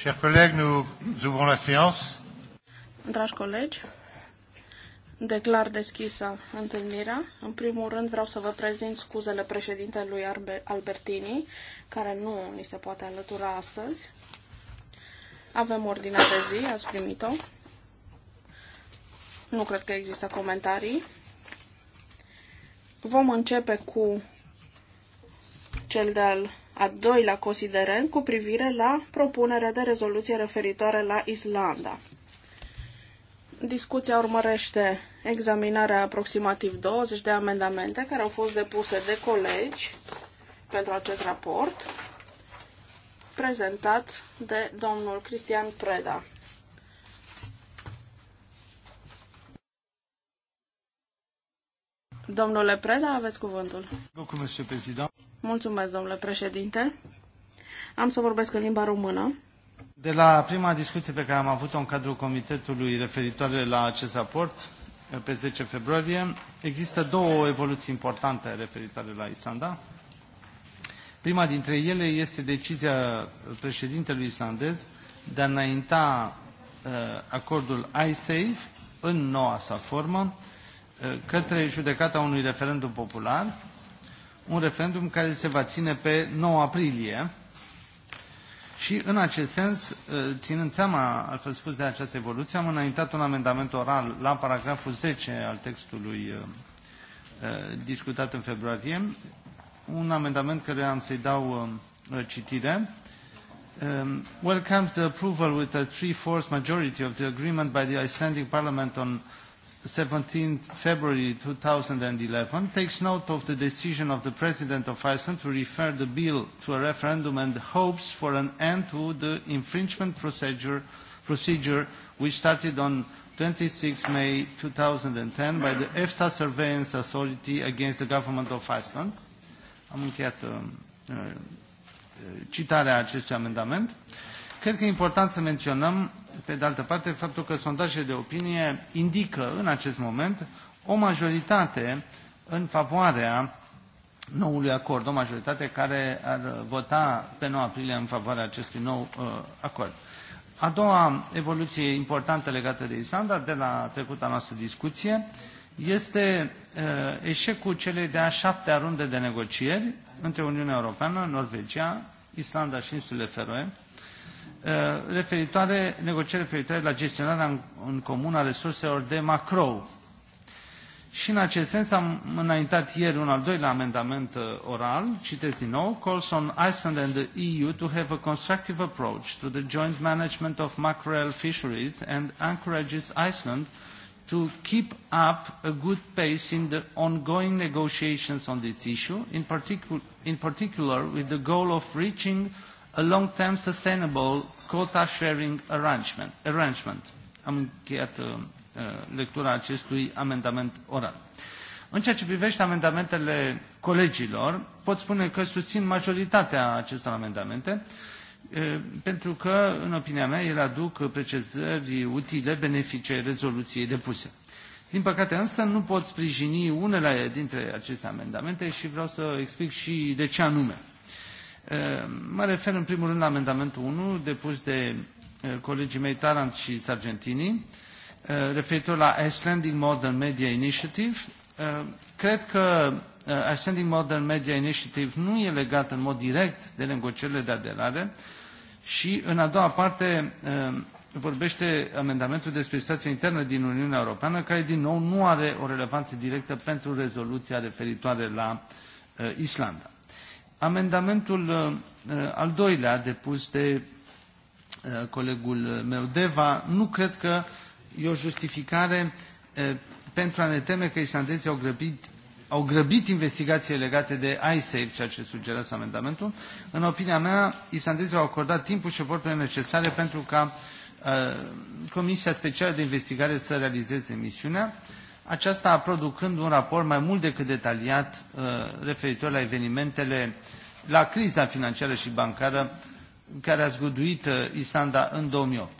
Chers collègues, nous ouvrons la séance. Dragi colegi, declar deschisă întâlnirea. În primul rând vreau să vă prezint scuzele președintelui Albertini, care nu ni se poate alătura astăzi. Avem ordinea de zi, ați primit-o. Nu cred că există comentarii. Vom începe cu cel de-al a doilea considerent cu privire la propunerea de rezoluție referitoare la Islanda. Discuția urmărește examinarea aproximativ 20 de amendamente care au fost depuse de colegi pentru acest raport, prezentat de domnul Cristian Preda. Domnule Preda, aveți cuvântul. domnule președinte. Mulțumesc, domnule președinte. Am să vorbesc în limba română. De la prima discuție pe care am avut-o în cadrul comitetului referitoare la acest raport, pe 10 februarie, există două evoluții importante referitoare la Islanda. Prima dintre ele este decizia președintelui islandez de a înainta uh, acordul ISAFE în noua sa formă uh, către judecata unui referendum popular un referendum care se va ține pe 9 aprilie. Și în acest sens, ă, ținând seama, altfel spus, de această evoluție, am înaintat un amendament oral la paragraful 10 al textului ă, ă, discutat în februarie, un amendament care am să-i dau citire. Um, welcomes the approval with a three-fourths majority of the agreement by the Icelandic Parliament on 17 February 2011 takes note of the decision of the President of Iceland to refer the bill to a referendum and hopes for an end to the infringement procedure, procedure which started on 26 May 2010 by the EFTA Surveillance Authority against the Government of Iceland. Am încheiat um, uh, uh, citarea acestui amendament. Uh, Cred că e important să menționăm, pe de altă parte, faptul că sondajele de opinie indică în acest moment o majoritate în favoarea noului acord, o majoritate care ar vota pe 9 aprilie în favoarea acestui nou uh, acord. A doua evoluție importantă legată de Islanda, de la trecuta noastră discuție, este uh, eșecul celei de-a șaptea runde de negocieri între Uniunea Europeană, Norvegia, Islanda și insulele Feroe, Uh, referitoare, negocieri referitoare la gestionarea în, în comun a resurselor de macro. Și în acest sens am înaintat ieri un al doilea amendament uh, oral, citesc din nou, calls on Iceland and the EU to have a constructive approach to the joint management of mackerel fisheries and encourages Iceland to keep up a good pace in the ongoing negotiations on this issue, in, particu in particular with the goal of reaching a long-term sustainable quota sharing arrangement. arrangement. Am încheiat uh, uh, lectura acestui amendament oral. În ceea ce privește amendamentele colegilor, pot spune că susțin majoritatea acestor amendamente, pentru că, în opinia mea, ele aduc precizări utile, benefice rezoluției depuse. Din păcate însă nu pot sprijini unele dintre aceste amendamente și vreau să explic și de ce anume. Mă refer în primul rând la amendamentul 1 depus de uh, colegii mei Tarant și Sargentini uh, referitor la Icelandic Modern Media Initiative. Uh, cred că Icelandic Modern Media Initiative nu e legat în mod direct de negocierile de aderare și în a doua parte vorbește amendamentul despre situația internă din Uniunea Europeană, care din nou nu are o relevanță directă pentru rezoluția referitoare la Islanda. Amendamentul uh, uh, al doilea depus de uh, colegul meu Deva, nu cred că e o justificare pentru a ne teme că islandezii au grăbit au grăbit investigațiile legate de ISAFE, ceea ce sugerează amendamentul. În opinia mea, islandezii au acordat timpul și eforturile necesare pentru ca Comisia Specială de Investigare să realizeze misiunea aceasta producând un raport mai mult decât detaliat uh, referitor la evenimentele, la criza financiară și bancară care a zguduit uh, Islanda în 2008.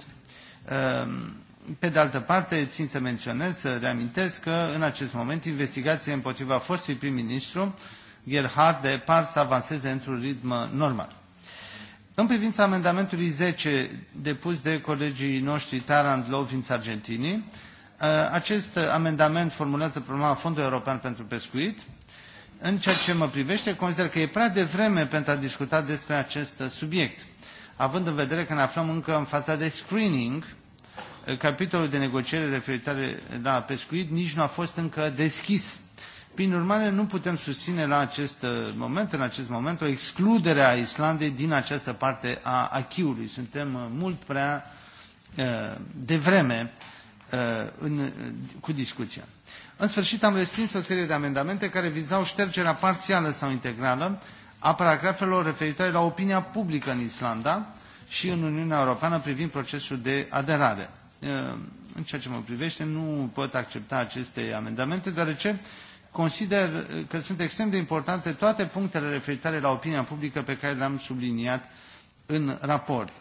Uh, pe de altă parte, țin să menționez, să reamintesc că în acest moment investigația împotriva fostului prim-ministru Gerhard de par să avanseze într-un ritm normal. În privința amendamentului 10 depus de colegii noștri Tarand Lovins Argentinii, Uh, acest amendament formulează problema Fondului European pentru Pescuit. În ceea ce mă privește, consider că e prea devreme pentru a discuta despre acest subiect, având în vedere că ne aflăm încă în faza de screening, uh, capitolul de negociere referitoare la pescuit nici nu a fost încă deschis. Prin urmare, nu putem susține la acest uh, moment, în acest moment, o excludere a Islandei din această parte a achiului. Suntem mult prea devreme Uh, în, uh, cu discuția. În sfârșit, am respins o serie de amendamente care vizau ștergerea parțială sau integrală a paragrafelor referitoare la opinia publică în Islanda și în Uniunea Europeană privind procesul de aderare. Uh, în ceea ce mă privește, nu pot accepta aceste amendamente, deoarece consider că sunt extrem de importante toate punctele referitoare la opinia publică pe care le-am subliniat în raport.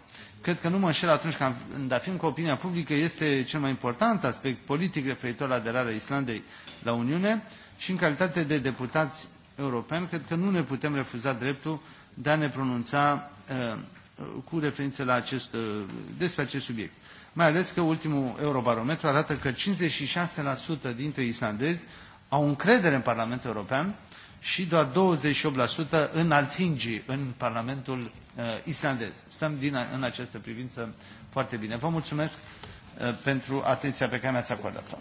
Cred că nu mă înșel atunci când afirm că opinia publică este cel mai important aspect politic referitor la aderarea Islandei la Uniune și în calitate de deputați europeni, cred că nu ne putem refuza dreptul de a ne pronunța uh, cu referință la acest, uh, despre acest subiect. Mai ales că ultimul eurobarometru arată că 56% dintre islandezi au încredere în Parlamentul European și doar 28% în Althingi, în Parlamentul uh, islandez. Stăm din, în această privință foarte bine. Vă mulțumesc uh, pentru atenția pe care mi-ați acordat-o.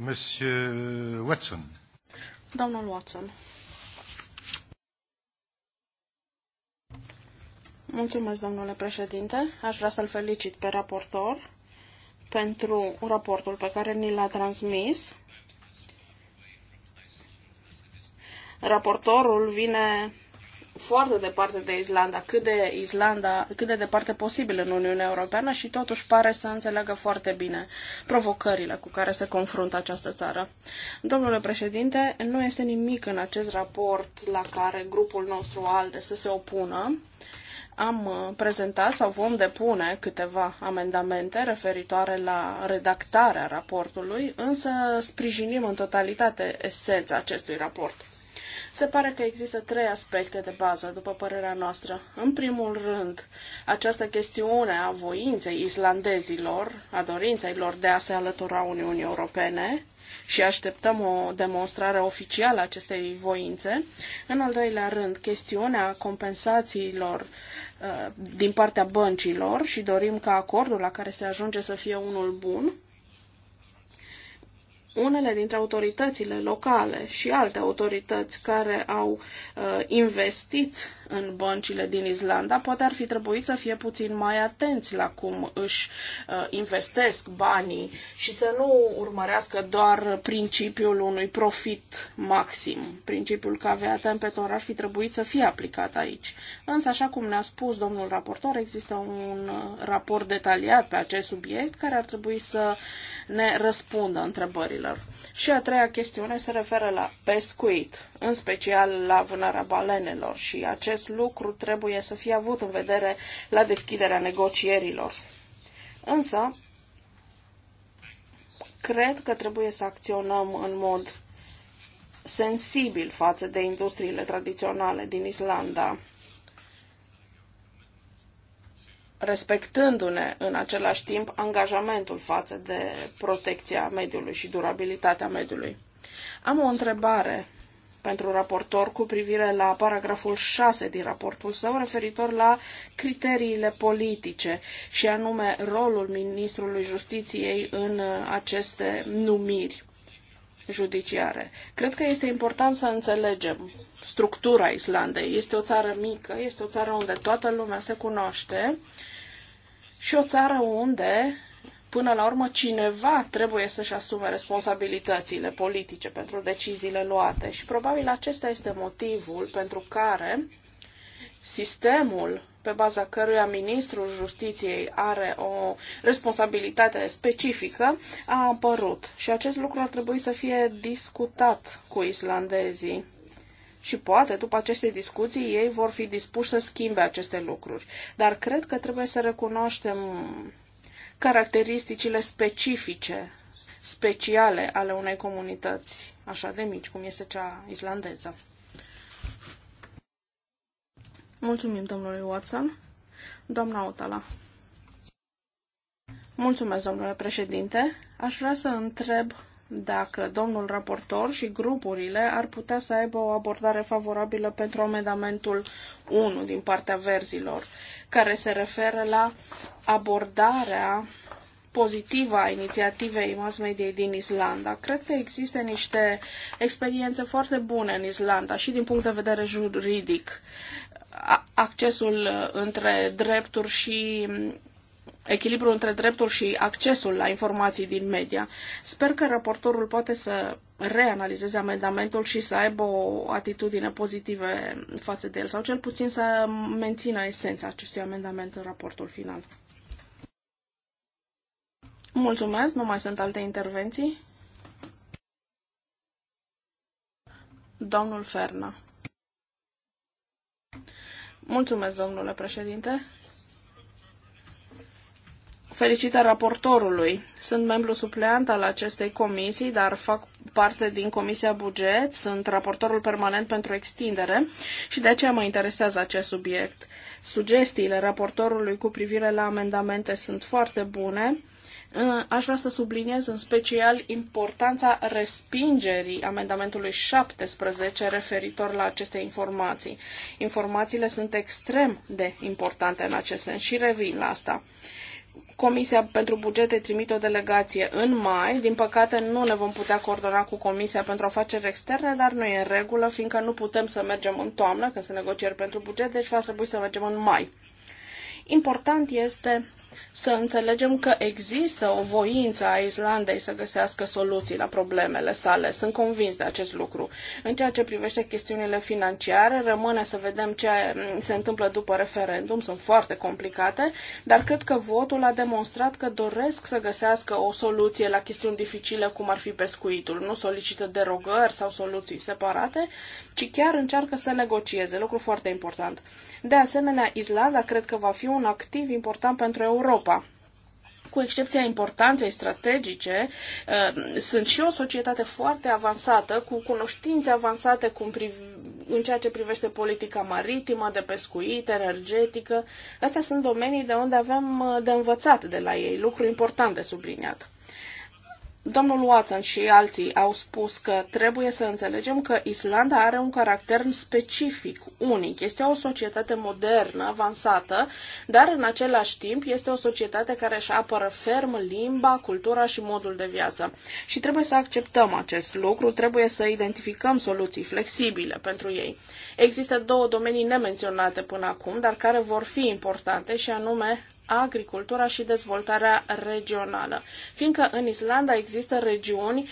Monsieur Watson. Donald Watson. Mulțumesc, domnule președinte. Aș vrea să-l felicit pe raportor pentru raportul pe care ni l-a transmis. Raportorul vine foarte departe de Islanda, cât de, Islanda, cât de departe posibil în Uniunea Europeană și totuși pare să înțeleagă foarte bine provocările cu care se confruntă această țară. Domnule președinte, nu este nimic în acest raport la care grupul nostru ALDE să se opună. Uh, am uh, prezentat sau vom depune câteva amendamente referitoare la redactarea raportului, însă sprijinim în totalitate esența acestui raport. Se pare că există trei aspecte de bază, după părerea noastră. În primul rând, această chestiune a voinței islandezilor, a dorinței lor de a se alătura Uniunii Europene și așteptăm o demonstrare oficială a acestei voințe. În al doilea rând, chestiunea compensațiilor uh, din partea băncilor și dorim ca acordul la care se ajunge să fie unul bun unele dintre autoritățile locale și alte autorități care au uh, investit în băncile din Islanda poate ar fi trebuit să fie puțin mai atenți la cum își uh, investesc banii și să nu urmărească doar principiul unui profit maxim. Principiul că avea tempetor ar fi trebuit să fie aplicat aici. Însă, așa cum ne-a spus domnul raportor, există un uh, raport detaliat pe acest subiect care ar trebui să ne răspundă întrebările animalelor. Și a treia chestiune se referă la pescuit, în special la vânarea balenelor și acest lucru trebuie să fie avut în vedere la deschiderea negocierilor. Însă, cred că trebuie să acționăm în mod sensibil față de industriile tradiționale din Islanda respectându-ne în același timp angajamentul față de protecția mediului și durabilitatea mediului. Am o întrebare pentru raportor cu privire la paragraful 6 din raportul său referitor la criteriile politice și anume rolul ministrului justiției în aceste numiri judiciare. Cred că este important să înțelegem structura Islandei. Este o țară mică, este o țară unde toată lumea se cunoaște și o țară unde, până la urmă, cineva trebuie să-și asume responsabilitățile politice pentru deciziile luate. Și probabil acesta este motivul pentru care sistemul pe baza căruia ministrul justiției are o responsabilitate specifică, a apărut. Și acest lucru ar trebui să fie discutat cu islandezii și poate după aceste discuții ei vor fi dispuși să schimbe aceste lucruri. Dar cred că trebuie să recunoaștem caracteristicile specifice, speciale ale unei comunități așa de mici, cum este cea islandeză. Mulțumim domnului Watson. Doamna Otala. Mulțumesc, domnule președinte. Aș vrea să întreb dacă domnul raportor și grupurile ar putea să aibă o abordare favorabilă pentru amendamentul 1 din partea verzilor, care se referă la abordarea pozitivă a inițiativei mass media din Islanda. Cred că există niște experiențe foarte bune în Islanda și din punct de vedere juridic. Accesul uh, între drepturi și mm, echilibru între dreptul și accesul la informații din media. Sper că raportorul poate să reanalizeze amendamentul și să aibă o atitudine pozitivă față de el, sau cel puțin să mențină esența acestui amendament în raportul final. Mulțumesc, nu mai sunt alte intervenții. Domnul Ferna. Mulțumesc, domnule președinte. Felicitări raportorului. Sunt membru supleant al acestei comisii, dar fac parte din Comisia Buget, sunt raportorul permanent pentru extindere și de aceea mă interesează acest subiect. Sugestiile raportorului cu privire la amendamente sunt foarte bune. Aș vrea să subliniez în special importanța respingerii amendamentului 17 referitor la aceste informații. Informațiile sunt extrem de importante în acest sens și revin la asta. Comisia pentru bugete trimite o delegație în mai. Din păcate, nu ne vom putea coordona cu Comisia pentru afaceri externe, dar nu e în regulă, fiindcă nu putem să mergem în toamnă, când se negocieri pentru buget, deci va trebui să mergem în mai. Important este să înțelegem că există o voință a Islandei să găsească soluții la problemele sale. Sunt convins de acest lucru. În ceea ce privește chestiunile financiare, rămâne să vedem ce se întâmplă după referendum. Sunt foarte complicate, dar cred că votul a demonstrat că doresc să găsească o soluție la chestiuni dificile, cum ar fi pescuitul. Nu solicită derogări sau soluții separate, ci chiar încearcă să negocieze. Lucru foarte important. De asemenea, Islanda cred că va fi un activ important pentru Europa Europa cu excepția importanței strategice, uh, sunt și o societate foarte avansată, cu cunoștințe avansate cu în ceea ce privește politica maritimă, de pescuit, energetică. Astea sunt domenii de unde avem uh, de învățat de la ei, lucru important de subliniat. Domnul Watson și alții au spus că trebuie să înțelegem că Islanda are un caracter specific, unic. Este o societate modernă, avansată, dar în același timp este o societate care își apără ferm limba, cultura și modul de viață. Și trebuie să acceptăm acest lucru, trebuie să identificăm soluții flexibile pentru ei. Există două domenii nemenționate până acum, dar care vor fi importante și anume agricultura și dezvoltarea regională. Fiindcă în Islanda există regiuni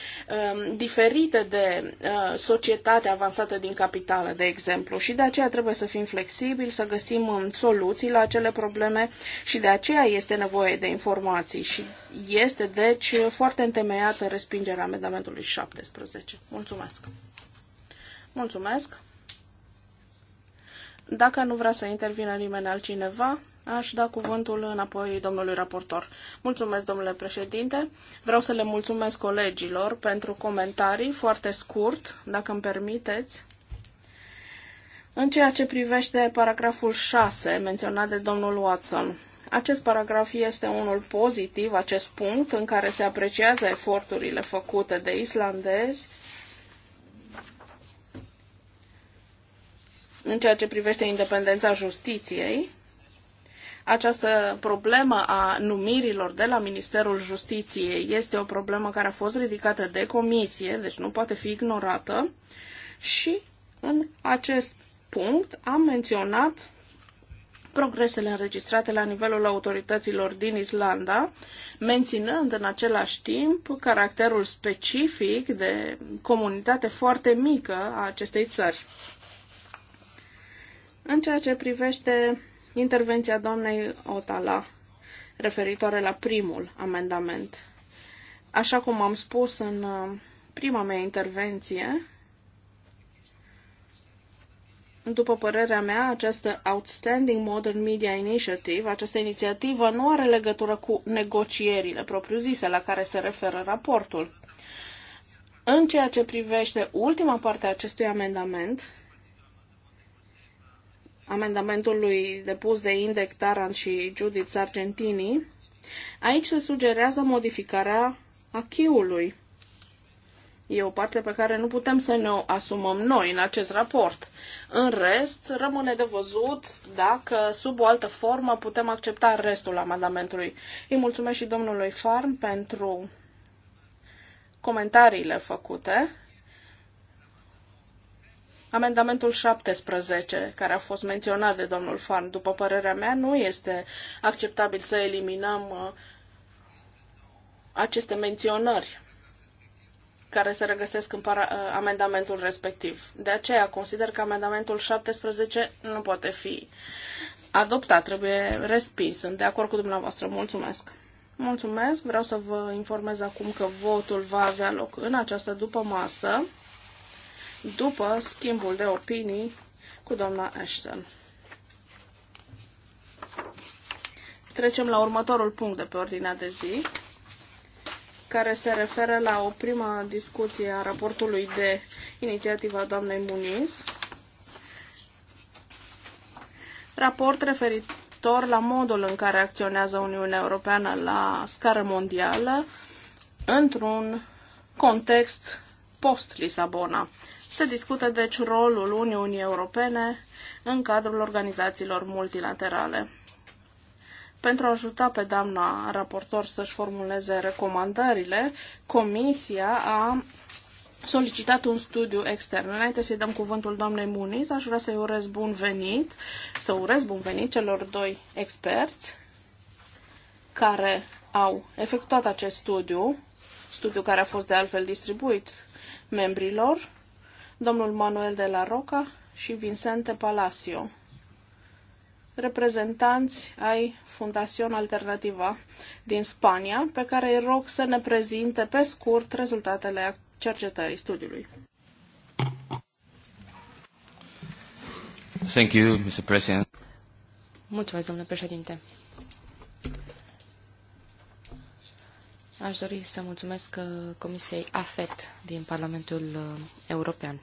um, diferite de uh, societate avansată din capitală, de exemplu, și de aceea trebuie să fim flexibili, să găsim um, soluții la acele probleme și de aceea este nevoie de informații și este, deci, foarte întemeiată respingerea amendamentului 17. Mulțumesc! Mulțumesc! Dacă nu vrea să intervină nimeni altcineva, Aș da cuvântul înapoi domnului raportor. Mulțumesc, domnule președinte. Vreau să le mulțumesc colegilor pentru comentarii foarte scurt, dacă îmi permiteți. În ceea ce privește paragraful 6 menționat de domnul Watson, acest paragraf este unul pozitiv, acest punct în care se apreciază eforturile făcute de islandezi în ceea ce privește independența justiției, această problemă a numirilor de la Ministerul Justiției este o problemă care a fost ridicată de comisie, deci nu poate fi ignorată. Și în acest punct am menționat progresele înregistrate la nivelul autorităților din Islanda, menținând în același timp caracterul specific de comunitate foarte mică a acestei țări. În ceea ce privește intervenția doamnei Otala referitoare la primul amendament. Așa cum am spus în uh, prima mea intervenție, după părerea mea, această Outstanding Modern Media Initiative, această inițiativă nu are legătură cu negocierile propriu-zise la care se referă raportul. În ceea ce privește ultima parte a acestui amendament, amendamentului depus de Indec Taran și Judith Sargentini, aici se sugerează modificarea achiului. E o parte pe care nu putem să ne o asumăm noi în acest raport. În rest, rămâne de văzut dacă, sub o altă formă, putem accepta restul amendamentului. Îi mulțumesc și domnului Farm pentru comentariile făcute Amendamentul 17, care a fost menționat de domnul Fan, după părerea mea, nu este acceptabil să eliminăm uh, aceste menționări care se regăsesc în uh, amendamentul respectiv. De aceea consider că amendamentul 17 nu poate fi adoptat, trebuie respins. Sunt de acord cu dumneavoastră. Mulțumesc! Mulțumesc! Vreau să vă informez acum că votul va avea loc în această după masă după schimbul de opinii cu doamna Ashton. Trecem la următorul punct de pe ordinea de zi, care se referă la o prima discuție a raportului de inițiativa doamnei Muniz. Raport referitor la modul în care acționează Uniunea Europeană la scară mondială într-un context post-Lisabona se discută deci rolul Uniunii Europene în cadrul organizațiilor multilaterale. Pentru a ajuta pe doamna raportor să-și formuleze recomandările, Comisia a solicitat un studiu extern. Înainte să-i dăm cuvântul doamnei Muniz, aș vrea să-i urez bun venit, să urez bun venit celor doi experți care au efectuat acest studiu, studiu care a fost de altfel distribuit membrilor domnul Manuel de la Roca și Vincente Palacio, reprezentanți ai Fundación Alternativa din Spania, pe care îi rog să ne prezinte pe scurt rezultatele cercetării studiului. Thank you, Mr. President. Mulțumesc, domnule președinte. Aș dori să mulțumesc uh, Comisiei AFET din Parlamentul uh, European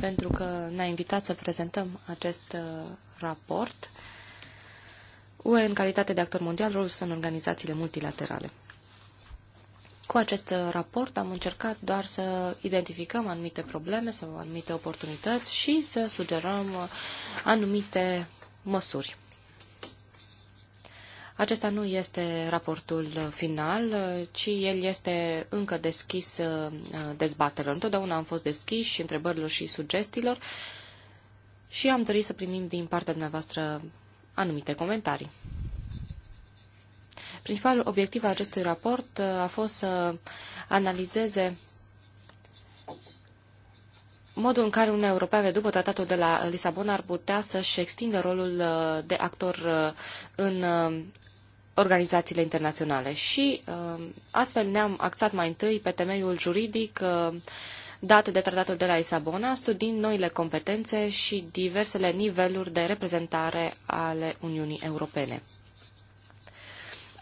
pentru că ne-a invitat să prezentăm acest uh, raport UE în calitate de actor mondial, rolul său în organizațiile multilaterale. Cu acest raport am încercat doar să identificăm anumite probleme sau anumite oportunități și să sugerăm anumite măsuri. Acesta nu este raportul final, ci el este încă deschis uh, dezbaterilor. Întotdeauna am fost deschiși întrebărilor și sugestiilor și am dorit să primim din partea dumneavoastră anumite comentarii. Principalul obiectiv al acestui raport uh, a fost să analizeze modul în care Uniunea Europeană, după tratatul de la Lisabona, ar putea să-și extindă rolul uh, de actor în organizațiile internaționale și um, astfel ne-am axat mai întâi pe temeiul juridic uh, dat de tratatul de la Lisabona, studiind noile competențe și diversele niveluri de reprezentare ale Uniunii Europene.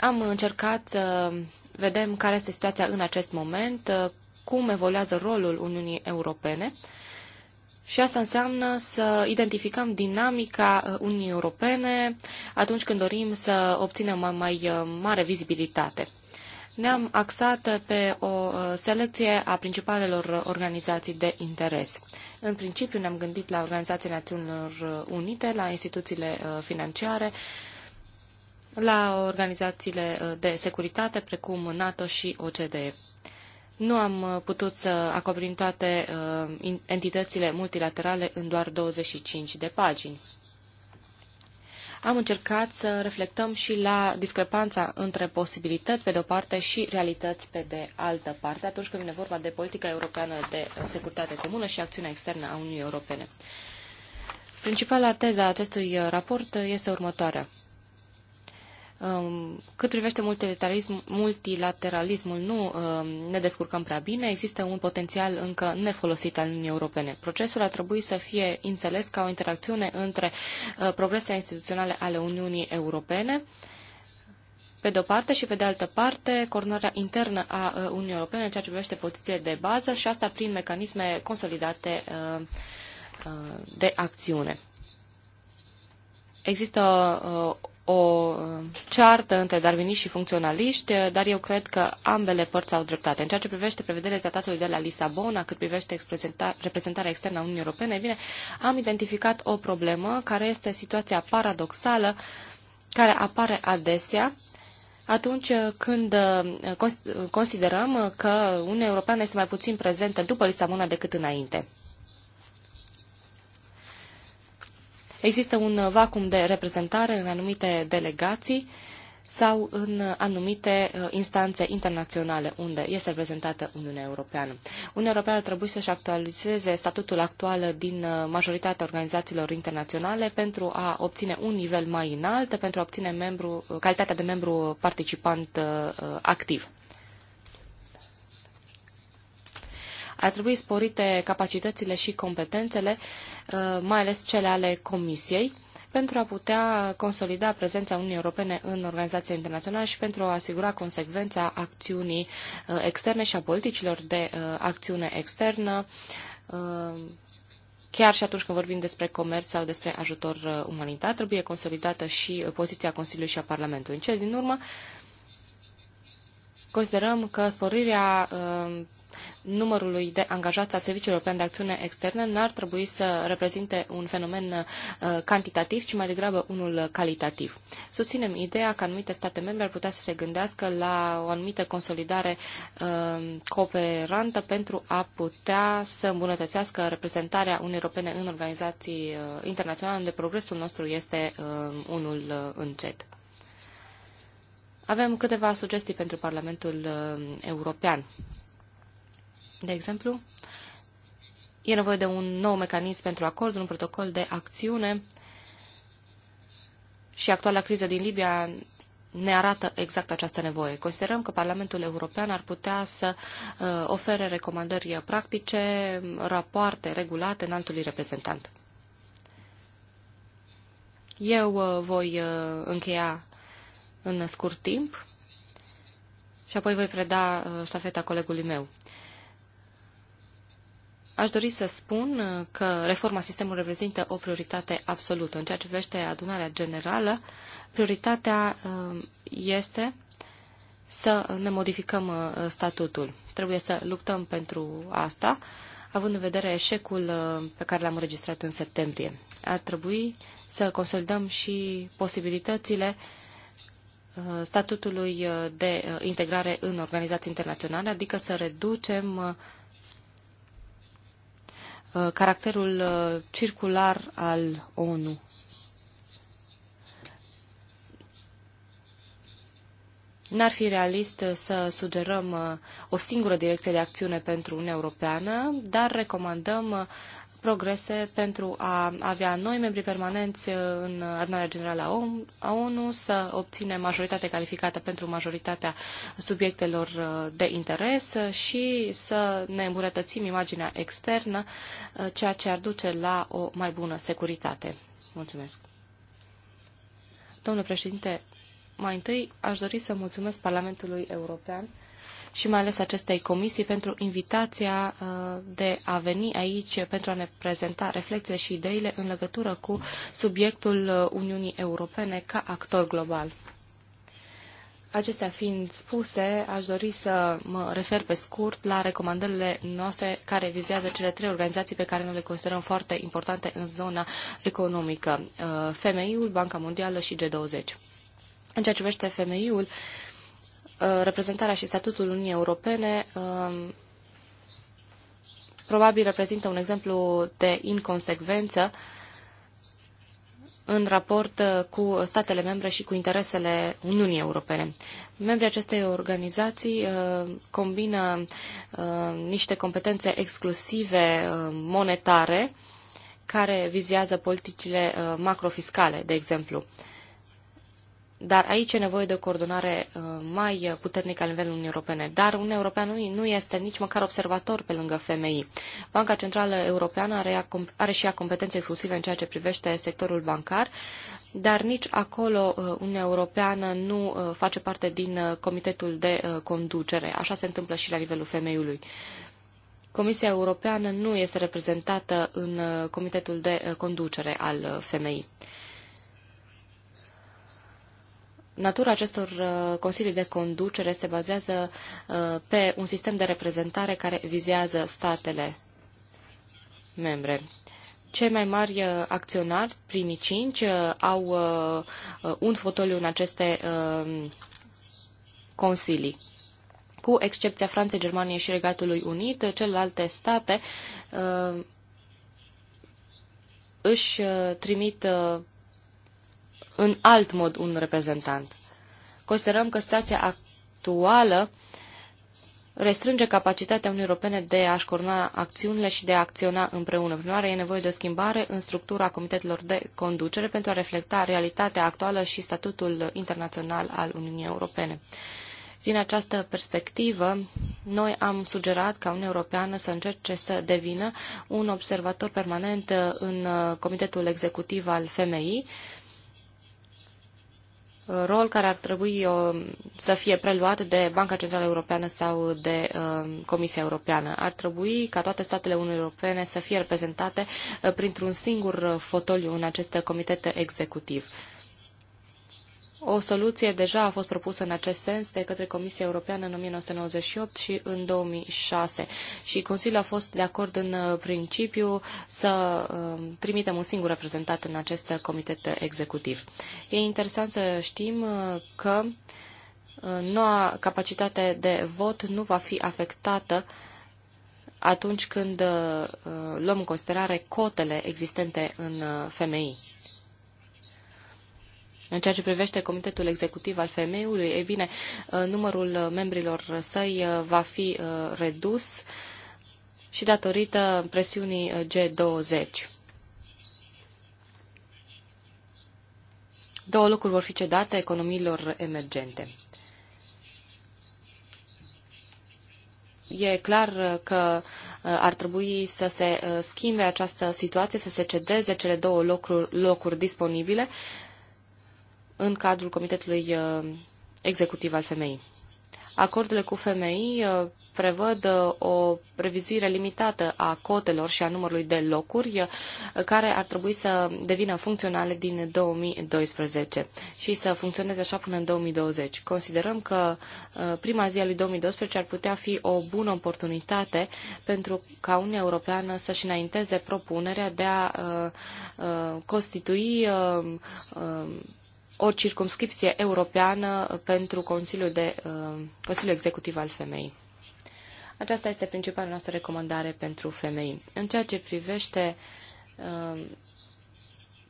Am încercat să vedem care este situația în acest moment, uh, cum evoluează rolul Uniunii Europene și asta înseamnă să identificăm dinamica uh, Uniunii Europene atunci când dorim să obținem mai, mai uh, mare vizibilitate. Ne-am axat pe o uh, selecție a principalelor organizații de interes. În principiu ne-am gândit la Organizația Națiunilor Unite, la instituțiile financiare, la organizațiile de securitate precum NATO și OCDE. Nu am uh, putut să acoperim toate uh, entitățile multilaterale în doar 25 de pagini. Am încercat să reflectăm și la discrepanța între posibilități pe de o parte și realități pe de altă parte, atunci când vine vorba de politica europeană de uh, securitate comună și acțiunea externă a Uniunii Europene. Principala teza acestui raport este următoarea. Um, cât privește multilateralism, multilateralismul, nu um, ne descurcăm prea bine, există un potențial încă nefolosit al Uniunii Europene. Procesul ar trebui să fie înțeles ca o interacțiune între uh, progresele instituționale ale Uniunii Europene, pe de-o parte și pe de altă parte coordonarea internă a uh, Uniunii Europene în ceea ce privește poziție de bază și asta prin mecanisme consolidate uh, de acțiune. Există o ceartă între darwiniști și funcționaliști, dar eu cred că ambele părți au dreptate. În ceea ce privește prevederile tratatului de la Lisabona, cât privește reprezentarea externă a Uniunii Europene, bine, am identificat o problemă care este situația paradoxală care apare adesea atunci când eh, considerăm că Uniunea Europeană este mai puțin prezentă după Lisabona decât înainte. Există un uh, vacum de reprezentare în anumite delegații sau în uh, anumite uh, instanțe internaționale unde este reprezentată Uniunea Europeană. Uniunea Europeană trebuie să-și actualizeze statutul actual din majoritatea organizațiilor internaționale pentru a obține un nivel mai înalt, pentru a obține membru, calitatea de membru participant activ. Ar trebui sporite capacitățile și competențele, uh, mai ales cele ale Comisiei, pentru a putea consolida prezența Uniunii Europene în organizația internațională și pentru a asigura consecvența acțiunii uh, externe și a politicilor de uh, acțiune externă, chiar și atunci când vorbim despre comerț sau despre ajutor umanitar, trebuie consolidată și poziția Consiliului și a Parlamentului. În cel din urmă, considerăm că sporirea numărului de angajați a serviciilor plan de Acțiune Externă n-ar trebui să reprezinte un fenomen uh, cantitativ, ci mai degrabă unul calitativ. Susținem ideea că anumite state membre ar putea să se gândească la o anumită consolidare uh, cooperantă pentru a putea să îmbunătățească reprezentarea Uniunii Europene în organizații uh, internaționale unde progresul nostru este unul încet. Avem câteva sugestii pentru Parlamentul European. De exemplu, e nevoie de un nou mecanism pentru acord, un protocol de acțiune și actuala criză din Libia ne arată exact această nevoie. Considerăm că Parlamentul European ar putea să uh, ofere recomandări practice, rapoarte regulate în altului reprezentant. Eu uh, voi uh, încheia în scurt timp și apoi voi preda uh, ștafeta colegului meu. Aș dori să spun uh, că reforma sistemului reprezintă o prioritate absolută. În ceea ce privește adunarea generală, prioritatea um, este să ne modificăm uh, statutul. Trebuie să luptăm pentru asta, având în vedere eșecul uh, pe care l-am înregistrat în septembrie. Ar trebui să consolidăm și posibilitățile statutului de integrare în organizații internaționale, adică să reducem Uh, caracterul uh, circular al ONU. N-ar fi realist uh, să sugerăm o singură direcție de acțiune pentru Uniunea Europeană, dar recomandăm progrese pentru a avea noi membri permanenți uh, în adunarea generală a ONU, să obținem majoritate calificată pentru majoritatea subiectelor uh, de interes și să ne îmbunătățim imaginea externă, uh, ceea ce ar duce la o mai bună securitate. Mulțumesc. Domnule președinte, mai întâi aș dori să mulțumesc Parlamentului European și mai ales acestei comisii pentru invitația uh, de a veni aici pentru a ne prezenta reflexe și ideile în legătură cu subiectul uh, Uniunii Europene ca actor global. Acestea fiind spuse, aș dori să mă refer pe scurt la recomandările noastre care vizează cele trei organizații pe care noi le considerăm foarte importante în zona economică, uh, FMI-ul, Banca Mondială și G20. În ceea ce privește FMI-ul, uh, Uh, reprezentarea și statutul Uniunii Europene uh, probabil reprezintă un exemplu de inconsecvență în raport uh, cu statele membre și cu interesele Uniunii Europene. Membrii acestei organizații combină niște competențe exclusive monetare care vizează politicile macrofiscale, de exemplu. Dar aici e nevoie de o coordonare uh, mai puternică la nivelul Uniunii Europene. Dar Uniunea Europeană nu este nici măcar observator pe lângă FMI. Banca Centrală Europeană are, are și ea competențe exclusive în ceea ce privește sectorul bancar, dar nici acolo uh, Uniunea Europeană nu uh, face parte din comitetul de conducere. Așa se întâmplă și la nivelul femeiului. Comisia Europeană nu este reprezentată în comitetul de conducere al femeii. Natura acestor uh, consilii de conducere se bazează uh, pe un sistem de reprezentare care vizează statele membre cei mai mari uh, acționari, primii cinci, au un fotoliu în aceste consilii. Cu excepția Franței, Germaniei și Regatului Unit, celelalte state își trimit în alt mod un reprezentant. Considerăm că situația actuală restrânge capacitatea Uniunii Europene de a-și coordona acțiunile și de a acționa împreună. Prin urmare, e nevoie de o schimbare în structura comitetelor de conducere pentru a reflecta realitatea actuală și statutul internațional al Uniunii Europene. Din această perspectivă, noi am sugerat ca Uniunea Europeană să încerce să devină un observator permanent în uh, Comitetul Executiv al FMI rol care ar trebui uh, să fie preluat de Banca Centrală Europeană sau de uh, Comisia Europeană. Ar trebui ca toate statele Uniunii Europene să fie reprezentate uh, printr-un singur fotoliu în acest comitet executiv. O soluție deja a fost propusă în acest sens de către Comisia Europeană în 1998 și în 2006 și Consiliul a fost de acord în uh, principiu să um, trimitem un singur reprezentat în acest comitet executiv. E interesant să știm uh, că uh, noua capacitate de vot nu va fi afectată atunci când luăm în considerare cotele existente în femei. În ceea ce privește Comitetul Executiv al Femeiului, e bine, uh, numărul uh, membrilor săi uh, va fi redus și datorită presiunii G20. Două lucruri vor fi cedate economiilor emergente. E clar că ar trebui să se schimbe această situație, să se cedeze cele două locuri, locuri disponibile în cadrul Comitetului uh, Executiv al Femeii. Acordurile cu femei uh, prevăd uh, o revizuire limitată a cotelor și a numărului de locuri care ar trebui să devină funcționale din 2012 și să funcționeze așa până în 2020. Considerăm că prima zi a lui 2012 ar putea fi o bună oportunitate pentru ca Uniunea Europeană să-și înainteze propunerea de a constitui o circumscripție europeană pentru Consiliul, de, uh, Consiliul Executiv al Femeii. Aceasta este principala noastră recomandare pentru femei. În ceea ce privește uh,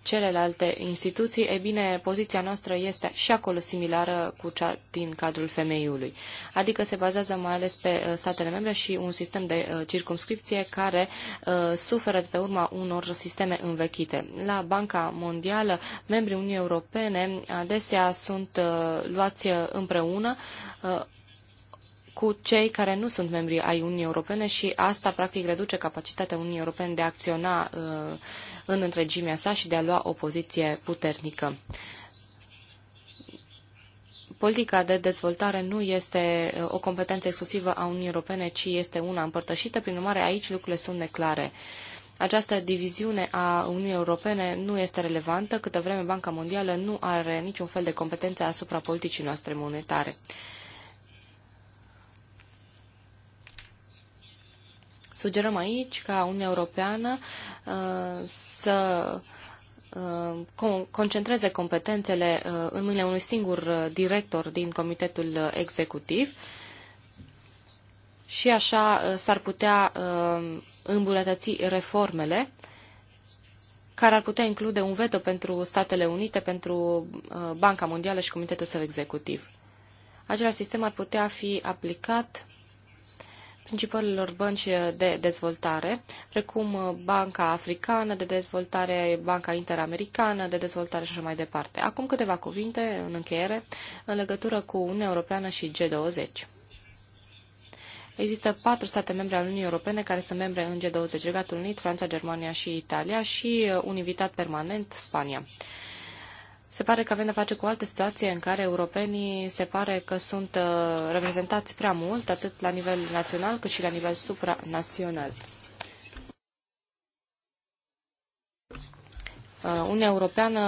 celelalte instituții, e bine, poziția noastră este și acolo similară cu cea din cadrul femeiului. Adică se bazează mai ales pe uh, statele membre și un sistem de uh, circumscripție care uh, suferă de pe urma unor sisteme învechite. La Banca Mondială, membrii Uniunii Europene adesea sunt luați împreună cu cei care nu sunt membri ai Uniunii Europene și asta practic reduce capacitatea Uniunii Europene de a acționa uh, în întregimea sa și de a lua o poziție puternică. Politica de dezvoltare nu este uh, o competență exclusivă a Uniunii Europene, ci este una împărtășită, prin urmare aici lucrurile sunt neclare. Această diviziune a Uniunii Europene nu este relevantă, câtă vreme Banca Mondială nu are niciun fel de competență asupra politicii noastre monetare. Sugerăm aici ca Uniunea Europeană uh, să uh, concentreze competențele uh, în mâinile unui singur director din comitetul executiv și așa s-ar putea îmbunătăți reformele care ar putea include un veto pentru Statele Unite, pentru Banca Mondială și Comitetul său executiv. Același sistem ar putea fi aplicat principalelor bănci de dezvoltare, precum uh, Banca Africană de Dezvoltare, Banca Interamericană de Dezvoltare și așa mai departe. Acum câteva cuvinte în încheiere în legătură cu Uniunea Europeană și G20. Există patru state membre ale Uniunii Europene care sunt membre în G20, Regatul Unit, Franța, Germania și Italia și uh, un invitat permanent, Spania. Se pare că avem de face cu o altă situație în care europenii se pare că sunt uh, reprezentați prea mult, atât la nivel național cât și la nivel supranațional. Uh, Uniunea Europeană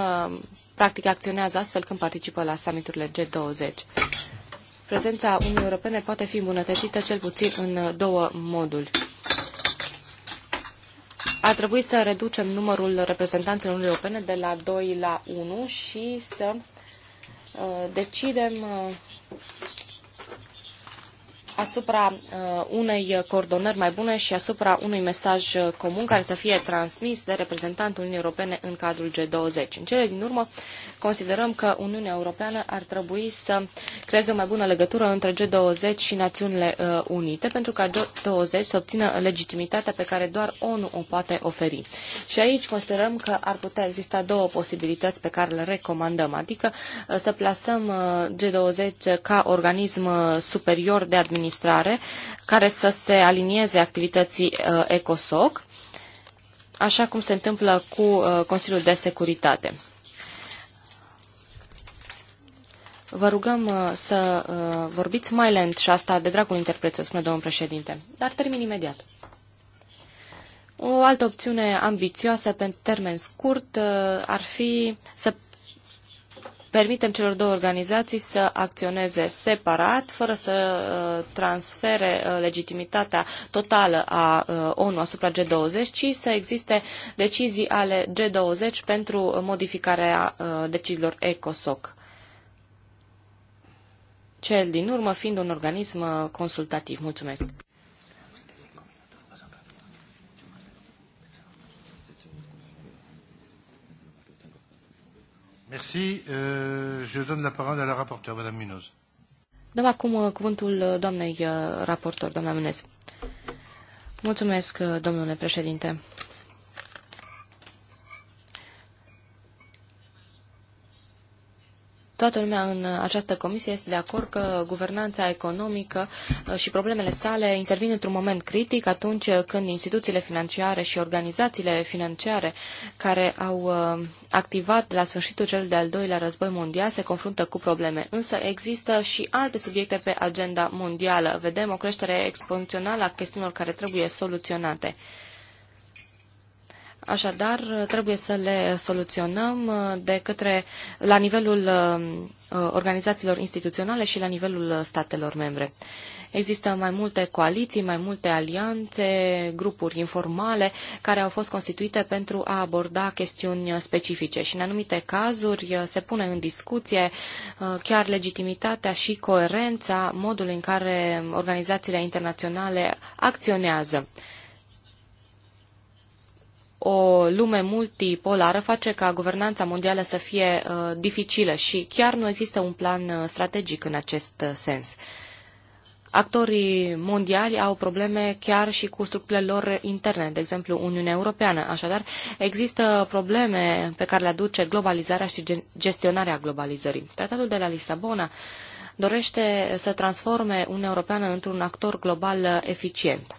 practic acționează astfel când participă la summiturile G20. Prezența Uniunii Europene poate fi îmbunătățită cel puțin în două moduri ar trebui să reducem numărul reprezentanților Uniunii Europene de la 2 la 1 și să uh, decidem uh, asupra uh, unei coordonări mai bune și asupra unui mesaj uh, comun care să fie transmis de reprezentantul Uniunii Europene în cadrul G20. În cele din urmă, considerăm că Uniunea Europeană ar trebui să creeze o mai bună legătură între G20 și Națiunile uh, Unite, pentru ca G20 să obțină legitimitatea pe care doar ONU o poate oferi. Și aici considerăm că ar putea exista două posibilități pe care le recomandăm, adică să plasăm G20 ca organism superior de administrație administrare care să se alinieze activității uh, ECOSOC, așa cum se întâmplă cu uh, Consiliul de Securitate. Vă rugăm uh, să vorbiți mai lent și asta de dragul interpreță, spune domnul președinte, dar termin imediat. O altă opțiune ambițioasă pentru termen scurt ar fi să permitem celor două organizații să acționeze separat, fără să uh, transfere uh, legitimitatea totală a uh, ONU asupra G20, ci să existe decizii ale G20 pentru modificarea deciziilor ECOSOC cel din urmă fiind un organism consultativ. Mulțumesc! Merci. Euh, je donne la parole à la rapporteure, Madame Munoz. Dăm acum uh, cuvântul uh, doamnei uh, raportor, doamna Munez. Mulțumesc, domnule președinte. Toată lumea în această comisie este de acord că guvernanța economică uh, și problemele sale intervin într-un moment critic atunci uh, când instituțiile financiare și organizațiile financiare care au uh, activat la sfârșitul cel de-al doilea război mondial se confruntă cu probleme. Însă există și alte subiecte pe agenda mondială. Vedem o creștere exponențială a chestiunilor care trebuie soluționate. Așadar, trebuie să le soluționăm uh, de către, la nivelul uh, uh, organizațiilor instituționale și la nivelul statelor membre. Există mai multe coaliții, mai multe alianțe, grupuri informale care au fost constituite pentru a aborda chestiuni specifice și în anumite cazuri se pune în discuție chiar legitimitatea și coerența modului în care organizațiile internaționale acționează o lume multipolară face ca guvernanța mondială să fie uh, dificilă și chiar nu există un plan uh, strategic în acest uh, sens. Actorii mondiali au probleme chiar și cu structurile lor interne, de exemplu Uniunea Europeană. Așadar, există probleme pe care le aduce globalizarea și gestionarea globalizării. Tratatul de la Lisabona dorește să transforme Uniunea Europeană într-un actor global uh, eficient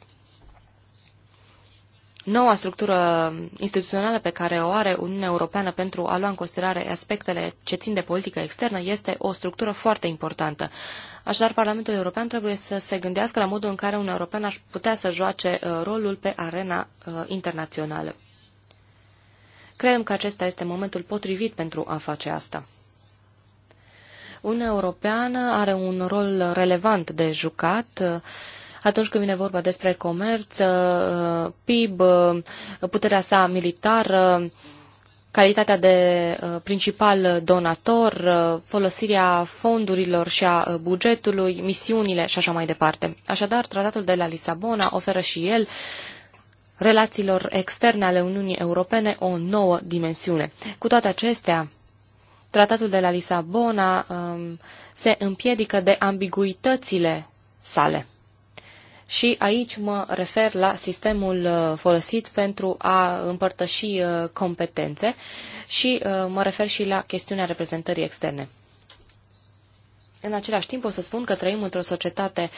noua structură instituțională pe care o are Uniunea Europeană pentru a lua în considerare aspectele ce țin de politică externă este o structură foarte importantă. Așadar, Parlamentul European trebuie să se gândească la modul în care Uniunea Europeană ar putea să joace uh, rolul pe arena uh, internațională. Credem că acesta este momentul potrivit pentru a face asta. Uniunea Europeană are un rol relevant de jucat uh, atunci când vine vorba despre comerț, uh, PIB, uh, puterea sa militară, calitatea de uh, principal donator, folosirea fondurilor și a bugetului, misiunile și așa mai departe. Așadar, tratatul de la Lisabona oferă și el relațiilor externe ale Uniunii Europene o nouă dimensiune. Cu toate acestea, tratatul de la Lisabona um, se împiedică de ambiguitățile sale. Și aici mă refer la sistemul uh, folosit pentru a împărtăși uh, competențe și uh, mă refer și la chestiunea reprezentării externe. În același timp o să spun că trăim într-o societate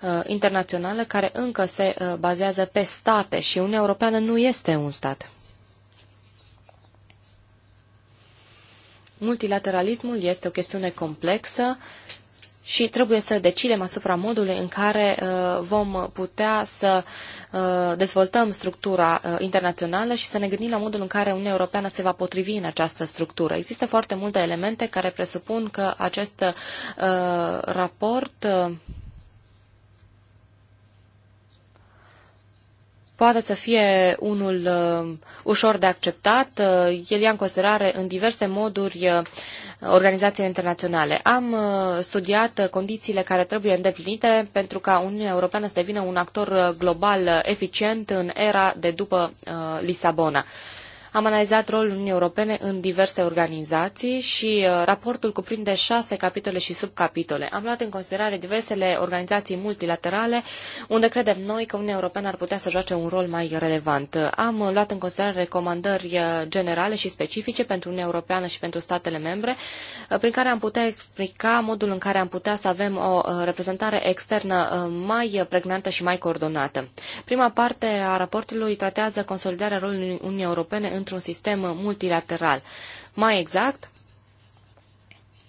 uh, internațională care încă se uh, bazează pe state și Uniunea Europeană nu este un stat. Multilateralismul este o chestiune complexă și trebuie să decidem asupra modului în care uh, vom putea să uh, dezvoltăm structura uh, internațională și să ne gândim la modul în care Uniunea Europeană se va potrivi în această structură. Există foarte multe elemente care presupun că acest raport poate să fie unul uh, ușor de acceptat. Uh, el ia în considerare în diverse moduri uh, organizațiile internaționale. Am studiat condițiile care trebuie îndeplinite pentru ca Uniunea Europeană să devină un actor global eficient în era de după Lisabona. Am analizat rolul Uniunii Europene în diverse organizații și uh, raportul cuprinde șase capitole și subcapitole. Am luat în considerare diversele organizații multilaterale unde credem noi că Uniunea Europeană ar putea să joace un rol mai relevant. Am luat în considerare recomandări uh, generale și specifice pentru Uniunea Europeană și pentru statele membre, uh, prin care am putea explica modul în care am putea să avem o reprezentare externă mai pregnantă și mai coordonată. Prima parte a raportului tratează consolidarea rolului Uniunii Europene într-un sistem multilateral. Mai exact,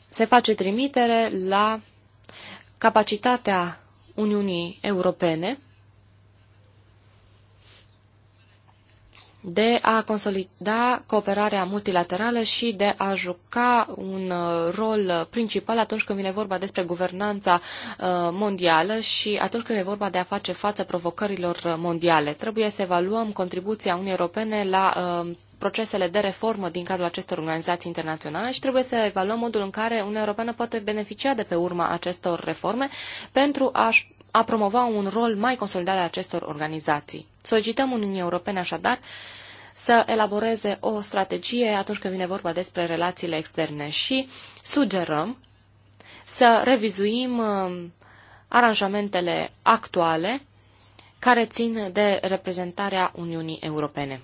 se face trimitere la capacitatea Uniunii Europene de a consolida cooperarea multilaterală și de a juca un uh, rol principal atunci când vine vorba despre guvernanța uh, mondială și atunci când e vorba de a face față provocărilor mondiale. Trebuie să evaluăm contribuția Uniunii Europene la uh, procesele de reformă din cadrul acestor organizații internaționale și trebuie să evaluăm modul în care Uniunea Europeană poate beneficia de pe urma acestor reforme pentru a-și a promova un rol mai consolidat al acestor organizații. Solicităm Uniunii Europene așadar să elaboreze o strategie atunci când vine vorba despre relațiile externe și sugerăm să revizuim um, aranjamentele actuale care țin de reprezentarea Uniunii Europene.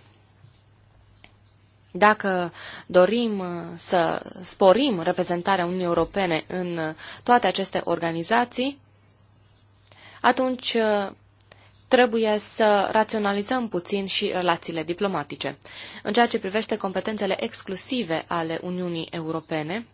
Dacă dorim uh, să sporim reprezentarea Uniunii Europene în toate aceste organizații, atunci uh, trebuie să raționalizăm puțin și relațiile diplomatice. În ceea ce privește competențele exclusive ale Uniunii Europene,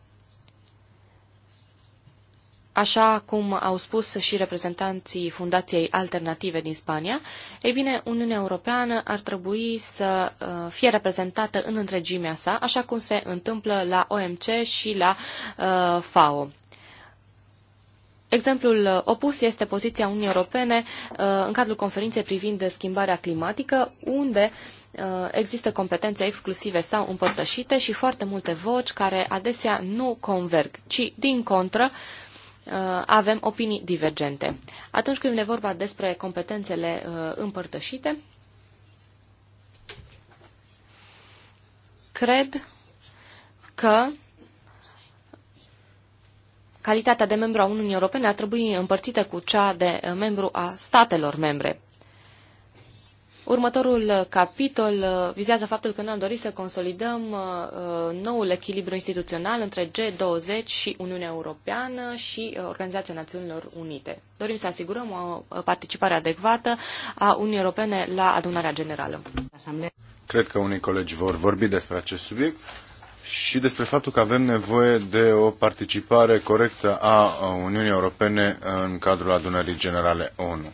așa cum au spus și reprezentanții Fundației Alternative din Spania, ei bine, Uniunea Europeană ar trebui să uh, fie reprezentată în întregimea sa, așa cum se întâmplă la OMC și la uh, FAO. Exemplul uh, opus este poziția Uniunii Europene uh, în cadrul conferinței privind schimbarea climatică, unde uh, există competențe exclusive sau împărtășite și foarte multe voci care adesea nu converg, ci, din contră, avem opinii divergente. Atunci când e vorba despre competențele împărtășite, cred că calitatea de membru a Uniunii Europene ar trebui împărțită cu cea de membru a statelor membre. Următorul capitol uh, vizează faptul că ne-am dorit să consolidăm uh, uh, noul echilibru instituțional între G20 și Uniunea Europeană și Organizația Națiunilor Unite. Dorim să asigurăm o participare adecvată a Uniunii Europene la adunarea generală. Cred că unii colegi vor vorbi despre acest subiect și despre faptul că avem nevoie de o participare corectă a Uniunii Europene în cadrul adunării generale ONU.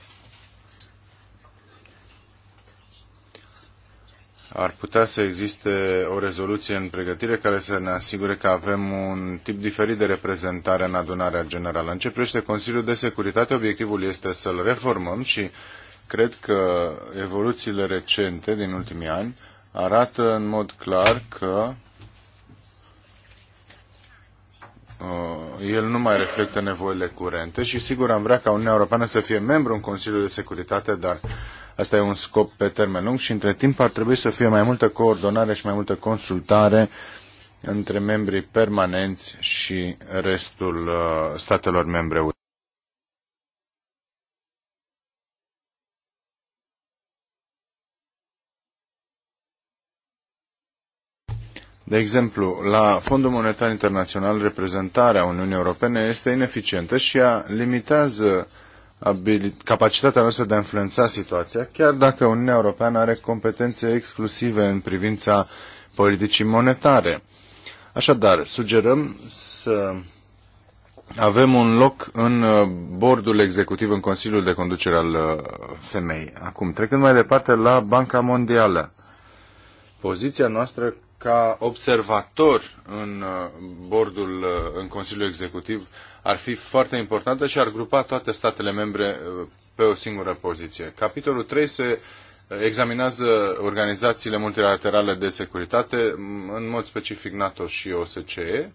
Ar putea să existe o rezoluție în pregătire care să ne asigure că avem un tip diferit de reprezentare în adunarea generală. În ce privește Consiliul de Securitate, obiectivul este să-l reformăm și cred că evoluțiile recente din ultimii ani arată în mod clar că Uh, el nu mai reflectă nevoile curente și sigur am vrea ca Uniunea Europeană să fie membru în Consiliul de Securitate, dar asta e un scop pe termen lung și între timp ar trebui să fie mai multă coordonare și mai multă consultare între membrii permanenți și restul uh, statelor membre. De exemplu, la Fondul Monetar Internațional, reprezentarea Uniunii Europene este ineficientă și ea limitează capacitatea noastră de a influența situația, chiar dacă Uniunea Europeană are competențe exclusive în privința politicii monetare. Așadar, sugerăm să avem un loc în uh, bordul executiv, în Consiliul de Conducere al uh, Femei. Acum, trecând mai departe la Banca Mondială. Poziția noastră ca observator în uh, bordul, uh, în Consiliul Executiv ar fi foarte importantă și ar grupa toate statele membre uh, pe o singură poziție. Capitolul 3 se examinează organizațiile multilaterale de securitate, în mod specific NATO și OSCE.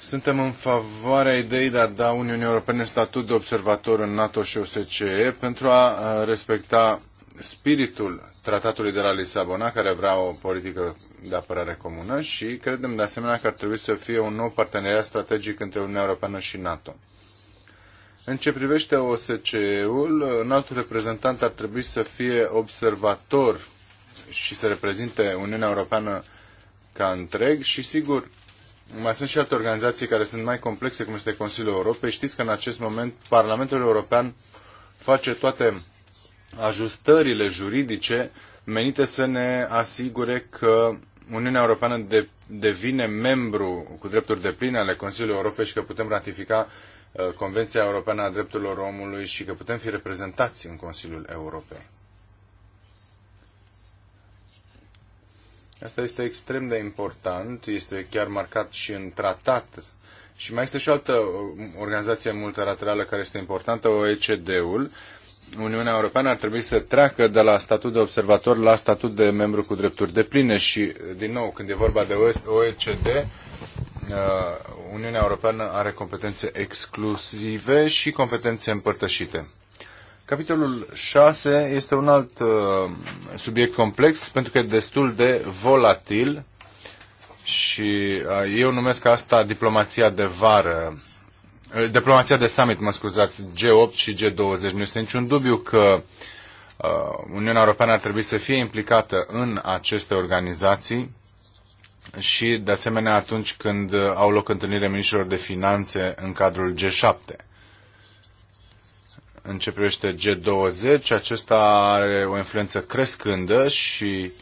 Suntem în favoarea ideii de a da Uniunii Europene statut de observator în NATO și OSCE pentru a respecta spiritul tratatului de la Lisabona, care vrea o politică de apărare comună și credem de asemenea că ar trebui să fie un nou parteneriat strategic între Uniunea Europeană și NATO. În ce privește OSCE-ul, un alt reprezentant ar trebui să fie observator și să reprezinte Uniunea Europeană ca întreg și, sigur, mai sunt și alte organizații care sunt mai complexe, cum este Consiliul Europei. Știți că în acest moment Parlamentul European face toate ajustările juridice menite să ne asigure că Uniunea Europeană de, devine membru cu drepturi de ale Consiliului Europei și că putem ratifica uh, Convenția Europeană a Drepturilor Omului și că putem fi reprezentați în Consiliul Europei. Asta este extrem de important, este chiar marcat și în tratat. Și mai este și o altă uh, organizație multilaterală care este importantă, OECD-ul, Uniunea Europeană ar trebui să treacă de la statut de observator la statut de membru cu drepturi depline și, din nou, când e vorba de OECD, uh, Uniunea Europeană are competențe exclusive și competențe împărtășite. Capitolul 6 este un alt uh, subiect complex pentru că e destul de volatil și uh, eu numesc asta diplomația de vară Uh, diplomația de summit, mă scuzați, G8 și G20. Nu este niciun dubiu că uh, Uniunea Europeană ar trebui să fie implicată în aceste organizații și, de asemenea, atunci când au loc întâlnirile ministrilor de finanțe în cadrul G7. În ce privește G20, acesta are o influență crescândă și uh,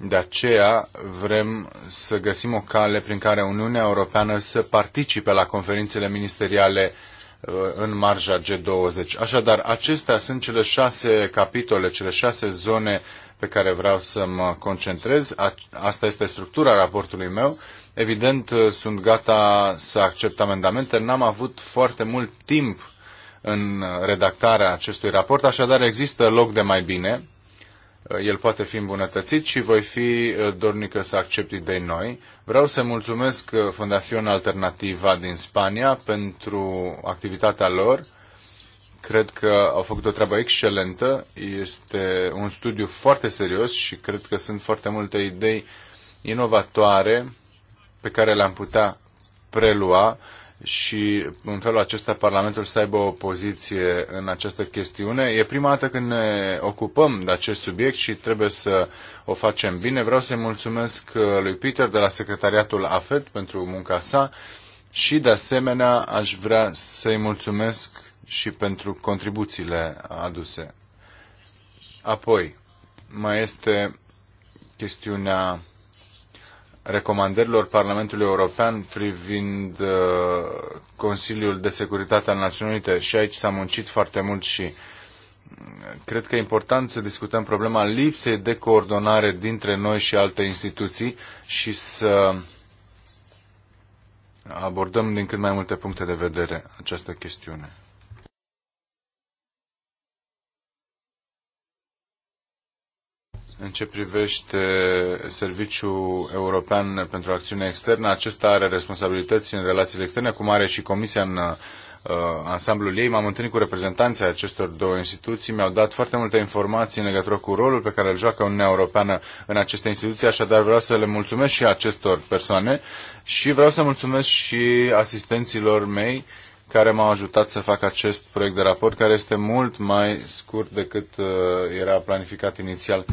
de aceea vrem să găsim o cale prin care Uniunea Europeană să participe la conferințele ministeriale uh, în marja G20. Așadar, acestea sunt cele șase capitole, cele șase zone pe care vreau să mă concentrez. Asta este structura raportului meu. Evident, uh, sunt gata să accept amendamente. N-am avut foarte mult timp în redactarea acestui raport, așadar există loc de mai bine el poate fi îmbunătățit și voi fi uh, dornică să accept idei noi. Vreau să mulțumesc uh, Fundación Alternativa din Spania pentru activitatea lor. Cred că au făcut o treabă excelentă. Este un studiu foarte serios și cred că sunt foarte multe idei inovatoare pe care le-am putea prelua și în felul acesta Parlamentul să aibă o poziție în această chestiune. E prima dată când ne ocupăm de acest subiect și trebuie să o facem bine. Vreau să-i mulțumesc uh, lui Peter de la Secretariatul AFET pentru munca sa și de asemenea aș vrea să-i mulțumesc și pentru contribuțiile aduse. Apoi, mai este chestiunea recomandărilor Parlamentului European privind uh, Consiliul de Securitate al Națiunilor Unite și aici s-a muncit foarte mult și mm, cred că e important să discutăm problema lipsei de coordonare dintre noi și alte instituții și să abordăm din cât mai multe puncte de vedere această chestiune. În ce privește Serviciul European pentru Acțiune Externă, acesta are responsabilități în relațiile externe, cum are și Comisia în uh, ansamblul ei. M-am întâlnit cu reprezentanții acestor două instituții, mi-au dat foarte multe informații în legătură cu rolul pe care îl joacă Uniunea Europeană în aceste instituții, așadar vreau să le mulțumesc și acestor persoane și vreau să mulțumesc și asistenților mei care m-au ajutat să fac acest proiect de raport, care este mult mai scurt decât uh, era planificat inițial.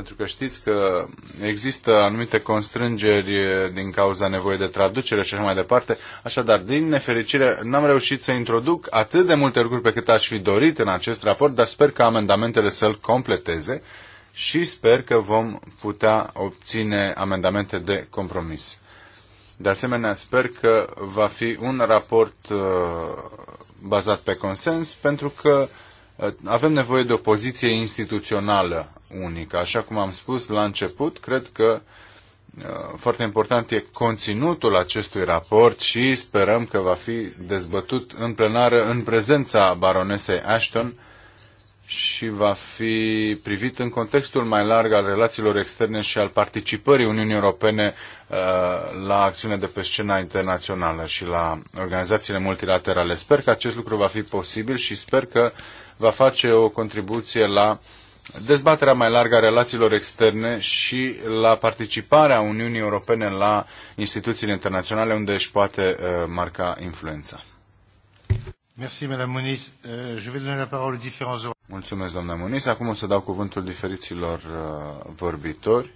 pentru că știți că există anumite constrângeri din cauza nevoii de traducere și așa mai departe. Așadar, din nefericire, n-am reușit să introduc atât de multe lucruri pe cât aș fi dorit în acest raport, dar sper că amendamentele să-l completeze și sper că vom putea obține amendamente de compromis. De asemenea, sper că va fi un raport uh, bazat pe consens, pentru că uh, avem nevoie de o poziție instituțională unică. Așa cum am spus la început, cred că uh, foarte important e conținutul acestui raport și sperăm că va fi dezbătut în plenară în prezența baronesei Ashton și va fi privit în contextul mai larg al relațiilor externe și al participării Uniunii Europene uh, la acțiune de pe scena internațională și la organizațiile multilaterale. Sper că acest lucru va fi posibil și sper că va face o contribuție la dezbaterea mai largă a relațiilor externe și la participarea Uniunii Europene la instituțiile internaționale unde își poate uh, marca influența. Euh, Mulțumesc, doamna Muniz. Acum o să dau cuvântul diferiților uh, vorbitori.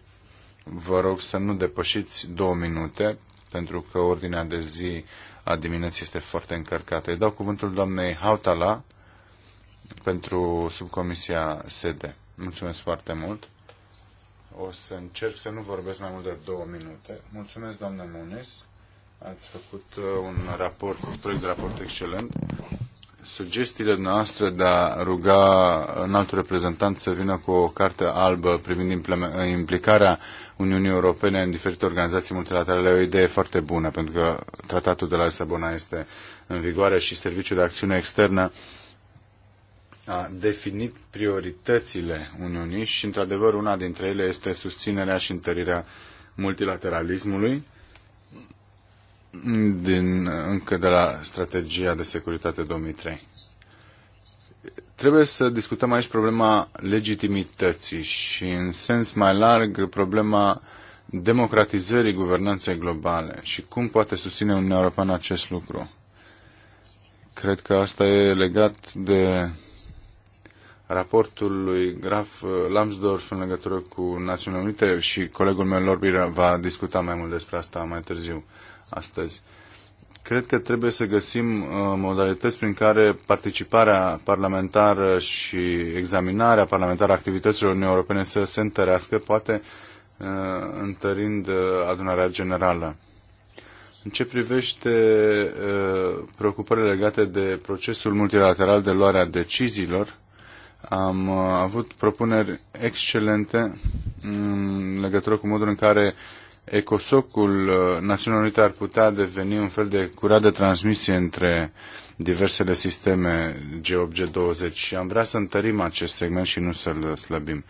Vă rog să nu depășiți două minute, pentru că ordinea de zi a dimineții este foarte încărcată. Îi dau cuvântul doamnei Hautala pentru subcomisia SEDE. Mulțumesc foarte mult. O să încerc să nu vorbesc mai mult de două minute. Mulțumesc, doamnă Muniz. Ați făcut uh, un raport, un proiect de raport excelent. Sugestiile noastre de a ruga în altul reprezentant să vină cu o carte albă privind implicarea Uniunii Europene în diferite organizații multilaterale e o idee foarte bună, pentru că tratatul de la Lisabona este în vigoare și Serviciul de Acțiune Externă uh, a definit prioritățile Uniunii și, într-adevăr, una dintre ele este susținerea și întărirea multilateralismului din, încă de la strategia de securitate 2003. Trebuie să discutăm aici problema legitimității și, în sens mai larg, problema democratizării guvernanței globale și cum poate susține Uniunea Europeană acest lucru. Cred că asta e legat de raportul lui Graf uh, Lambsdorff în legătură cu Națiunile Unite și colegul meu Lorbir va discuta mai mult despre asta mai târziu astăzi. Cred că trebuie să găsim uh, modalități prin care participarea parlamentară și examinarea parlamentară a activităților Uniunii Europene să se întărească, poate uh, întărind adunarea generală. În ce privește preocupările legate de procesul multilateral de luare a deciziilor, am uh, avut propuneri excelente în legătură cu modul în care ecosocul uh, Națiunilor Unite ar putea deveni un fel de curat de transmisie între diversele sisteme g 20 și am vrea să întărim acest segment și nu să-l slăbim.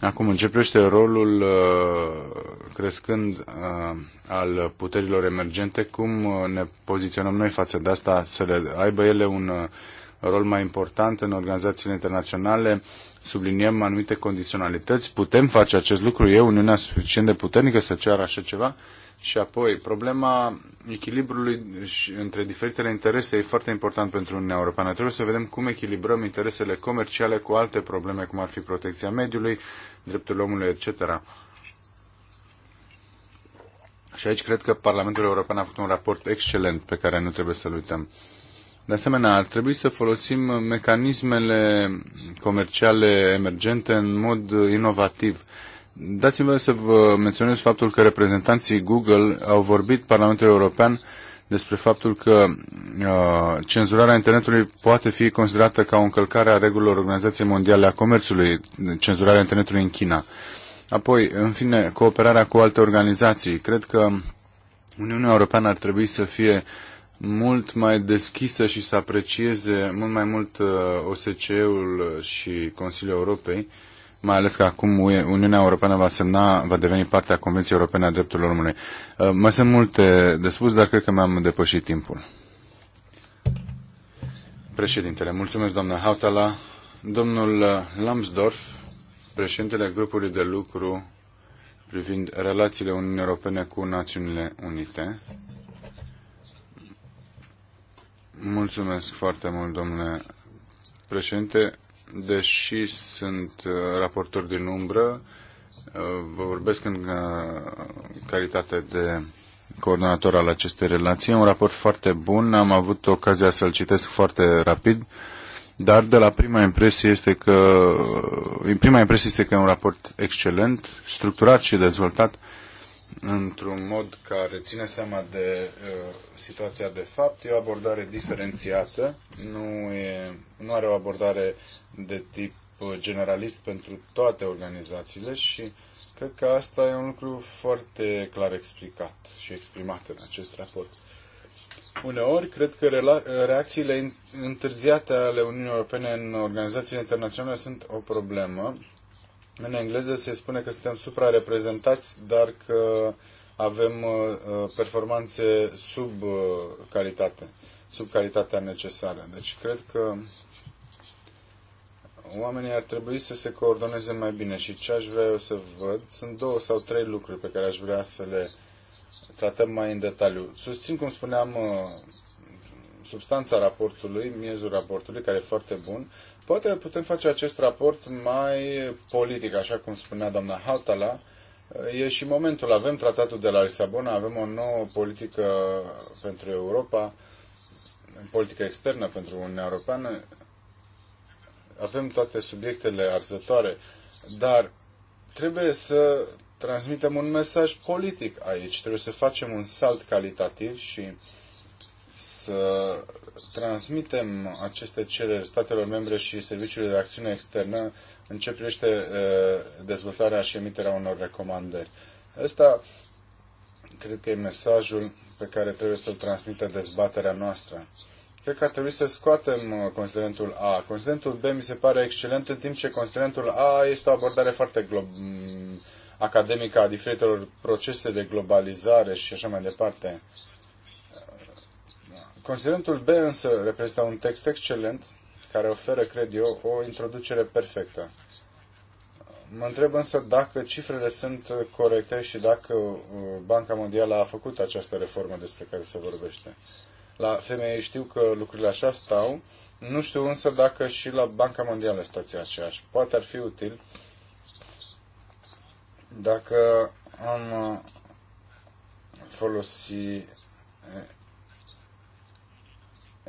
Acum începește rolul uh, crescând al puterilor emergente, cum ne poziționăm noi față de asta, să le aibă ele un rol mai important în organizațiile internaționale, subliniem anumite condiționalități, putem face acest lucru, e Uniunea suficient de puternică să ceară așa ceva? Și apoi, problema echilibrului între diferitele interese e foarte important pentru Uniunea Europeană. Trebuie să vedem cum echilibrăm interesele comerciale cu alte probleme, cum ar fi protecția mediului, drepturile omului, etc. Și aici cred că Parlamentul European a făcut un raport excelent pe care nu trebuie să-l uităm. De asemenea, ar trebui să folosim mecanismele comerciale emergente în mod inovativ. Dați-mi să vă menționez faptul că reprezentanții Google au vorbit Parlamentul European despre faptul că uh, cenzurarea internetului poate fi considerată ca o încălcare a regulilor Organizației Mondiale a Comerțului, cenzurarea internetului în China. Apoi, în fine, cooperarea cu alte organizații. Cred că Uniunea Europeană ar trebui să fie uh, mult mai deschisă și să aprecieze mult mai mult uh, OSCE-ul și Consiliul Europei, mai ales că acum Uniunea Europeană va semna, va deveni parte a Convenției Europene a Drepturilor Omului. Uh, mai sunt multe de spus, dar cred că mi-am depășit timpul. Președintele, mulțumesc doamna Hautala. Domnul uh, Lambsdorff, președintele grupului de lucru privind relațiile Uniunii Europene cu Națiunile Unite. Mulțumesc foarte mult, domnule președinte. Deși sunt uh, raportor din umbră, uh, vă vorbesc în uh, calitate de coordonator al acestei relații. un raport foarte bun, am avut ocazia să-l citesc foarte rapid, dar de la prima impresie este că prima impresie este că e un raport excelent, structurat și dezvoltat într-un mod care ține seama de uh, situația de fapt, e o abordare diferențiată, nu, e, nu are o abordare de tip uh, generalist pentru toate organizațiile și cred că asta e un lucru foarte clar explicat și exprimat în acest raport. Uneori, cred că reacțiile întârziate ale Uniunii Europene în organizațiile internaționale sunt o problemă în engleză se spune că suntem suprareprezentați, dar că avem uh, uh, performanțe sub uh, calitate, sub calitatea necesară. Deci cred că oamenii ar trebui să se coordoneze mai bine și ce aș vrea eu să văd sunt două sau trei lucruri pe care aș vrea să le tratăm mai în detaliu. Susțin, cum spuneam, substanța raportului, miezul raportului, care e foarte bun, Poate putem face acest raport mai politic, așa cum spunea doamna Hautala. E și momentul. Avem tratatul de la Lisabona, avem o nouă politică pentru Europa, politică externă pentru Uniunea Europeană. Avem toate subiectele arzătoare, dar trebuie să transmitem un mesaj politic aici. Trebuie să facem un salt calitativ și să transmitem aceste cereri statelor membre și serviciului de acțiune externă în ce privește uh, dezvoltarea și emiterea unor recomandări. Ăsta cred că e mesajul pe care trebuie să-l transmită dezbaterea noastră. Cred că ar trebui să scoatem uh, considerentul A. Considerentul B mi se pare excelent, în timp ce considerentul A este o abordare foarte glob- academică a diferitelor procese de globalizare și așa mai departe. Considerentul B însă reprezintă un text excelent care oferă, cred eu, o introducere perfectă. Mă întreb însă dacă cifrele sunt corecte și dacă uh, Banca Mondială a făcut această reformă despre care se vorbește. La femeie știu că lucrurile așa stau, nu știu însă dacă și la Banca Mondială situația aceeași. Poate ar fi util dacă am uh, folosi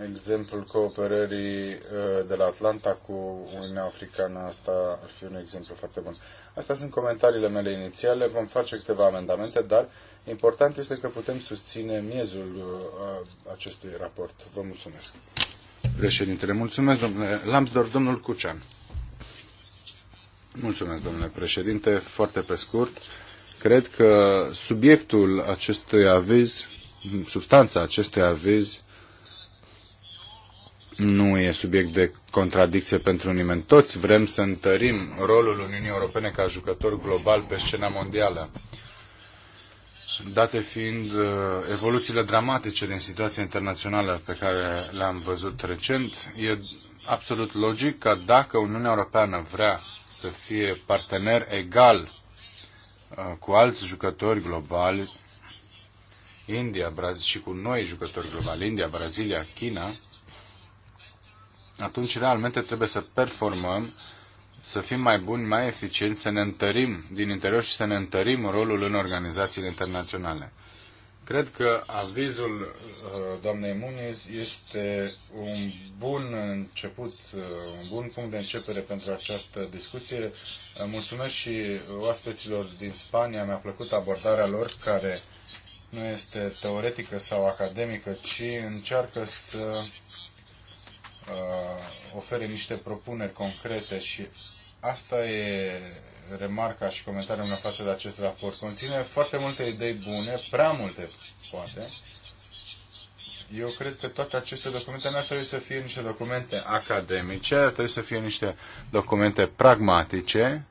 exemplul cooperării uh, de la Atlanta cu Uniunea Africană, asta ar fi un exemplu foarte bun. Astea sunt comentariile mele inițiale, vom face câteva amendamente, dar important este că putem susține miezul uh, acestui raport. Vă mulțumesc. Președintele, mulțumesc, domnule Lambsdorff, domnul Cucean. Mulțumesc, domnule președinte, foarte pe scurt. Cred că subiectul acestui aviz, substanța acestui aviz, nu e subiect de contradicție pentru nimeni. Toți vrem să întărim rolul Uniunii Europene ca jucător global pe scena mondială. Date fiind uh, evoluțiile dramatice din situația internațională pe care le-am văzut recent, e absolut logic că dacă Uniunea Europeană vrea să fie partener egal uh, cu alți jucători globali, India Braz- și cu noi jucători globali, India, Brazilia, China, atunci realmente trebuie să performăm, să fim mai buni, mai eficienți, să ne întărim din interior și să ne întărim rolul în organizațiile internaționale. Cred că avizul uh, doamnei Muniz este un bun început, uh, un bun punct de începere pentru această discuție. Uh, mulțumesc și oaspeților din Spania, mi-a plăcut abordarea lor care nu este teoretică sau academică, ci încearcă să Uh, ofere niște propuneri concrete și asta e remarca și comentariul meu față de acest raport. Conține foarte multe idei bune, prea multe, poate. Eu cred că toate aceste documente nu ar trebui să fie niște documente academice, ar trebui să fie niște documente pragmatice,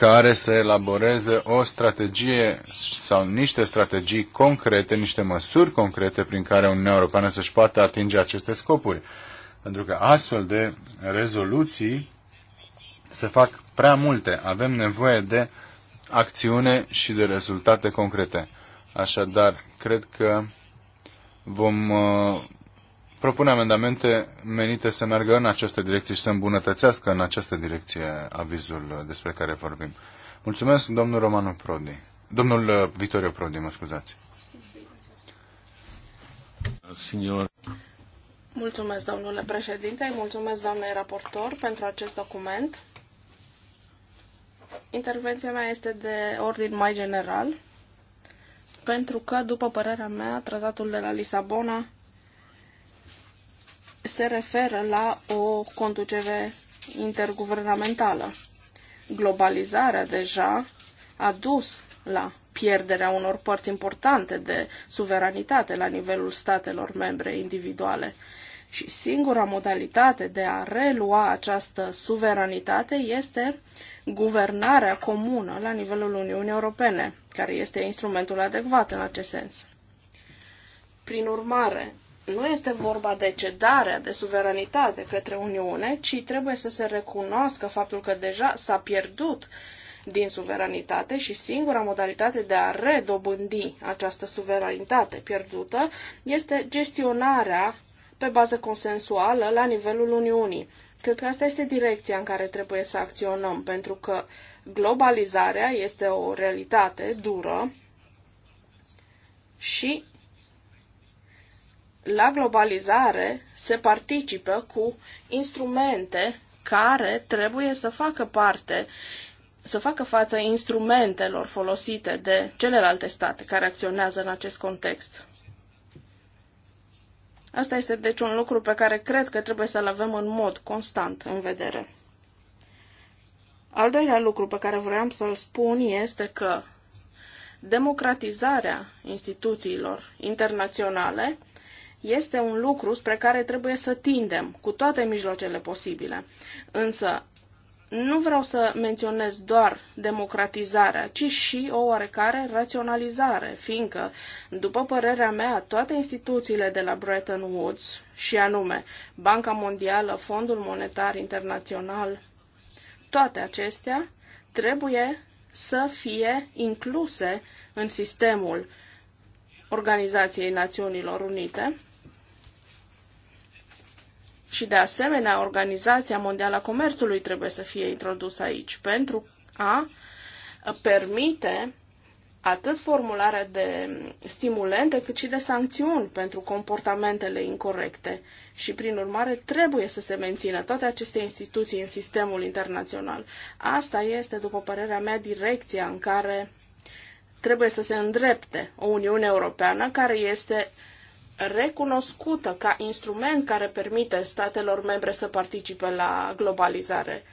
care să elaboreze o strategie sau niște strategii concrete, niște măsuri concrete prin care Uniunea Europeană să-și poată atinge aceste scopuri. Pentru că astfel de rezoluții se fac prea multe. Avem nevoie de acțiune și de rezultate concrete. Așadar, cred că vom uh, propune amendamente menite să meargă în această direcție și să îmbunătățească în această direcție avizul despre care vorbim. Mulțumesc, domnul Romanu Prodi. Domnul uh, Vitorio Prodi, mă scuzați. Signor. Mulțumesc, domnule președinte, mulțumesc, doamnei raportor, pentru acest document. Intervenția mea este de ordin mai general, pentru că, după părerea mea, tratatul de la Lisabona se referă la o conducere interguvernamentală. Globalizarea deja a dus la pierderea unor părți importante de suveranitate la nivelul statelor membre individuale. Și singura modalitate de a relua această suveranitate este guvernarea comună la nivelul Uniunii Europene, care este instrumentul adecvat în acest sens. Prin urmare, nu este vorba de cedarea de suveranitate către Uniune, ci trebuie să se recunoască faptul că deja s-a pierdut din suveranitate și singura modalitate de a redobândi această suveranitate pierdută este gestionarea pe bază consensuală la nivelul Uniunii. Cred că asta este direcția în care trebuie să acționăm, pentru că globalizarea este o realitate dură și la globalizare se participă cu instrumente care trebuie să facă parte, să facă față instrumentelor folosite de celelalte state care acționează în acest context. Asta este deci un lucru pe care cred că trebuie să-l avem în mod constant în vedere. Al doilea lucru pe care vreau să-l spun este că democratizarea instituțiilor internaționale este un lucru spre care trebuie să tindem cu toate mijloacele posibile. Însă, nu vreau să menționez doar democratizarea, ci și o oarecare raționalizare, fiindcă, după părerea mea, toate instituțiile de la Bretton Woods, și anume Banca Mondială, Fondul Monetar Internațional, toate acestea trebuie să fie incluse în sistemul Organizației Națiunilor Unite, și de asemenea, Organizația Mondială a Comerțului trebuie să fie introdusă aici pentru a permite atât formularea de stimulente cât și de sancțiuni pentru comportamentele incorrecte și, prin urmare, trebuie să se mențină toate aceste instituții în sistemul internațional. Asta este, după părerea mea, direcția în care trebuie să se îndrepte o Uniune Europeană care este recunoscută ca instrument care permite statelor membre să participe la globalizare.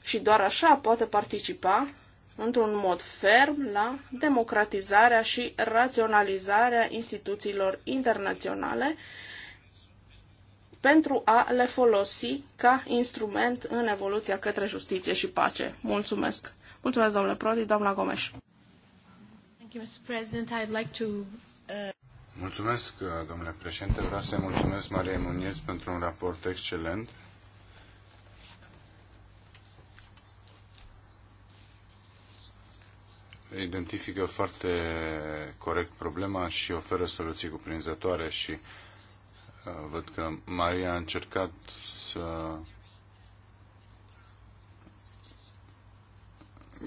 Și doar așa poate participa într-un mod ferm la democratizarea și raționalizarea instituțiilor internaționale pentru a le folosi ca instrument în evoluția către justiție și pace. Mulțumesc! Mulțumesc, domnule Prodi, doamna Gomes. Uh, mulțumesc, uh, domnule președinte. Vreau să mulțumesc Mariei Muniz pentru un raport excelent. Identifică foarte corect problema și oferă soluții cuprinzătoare și uh, văd că Maria a încercat să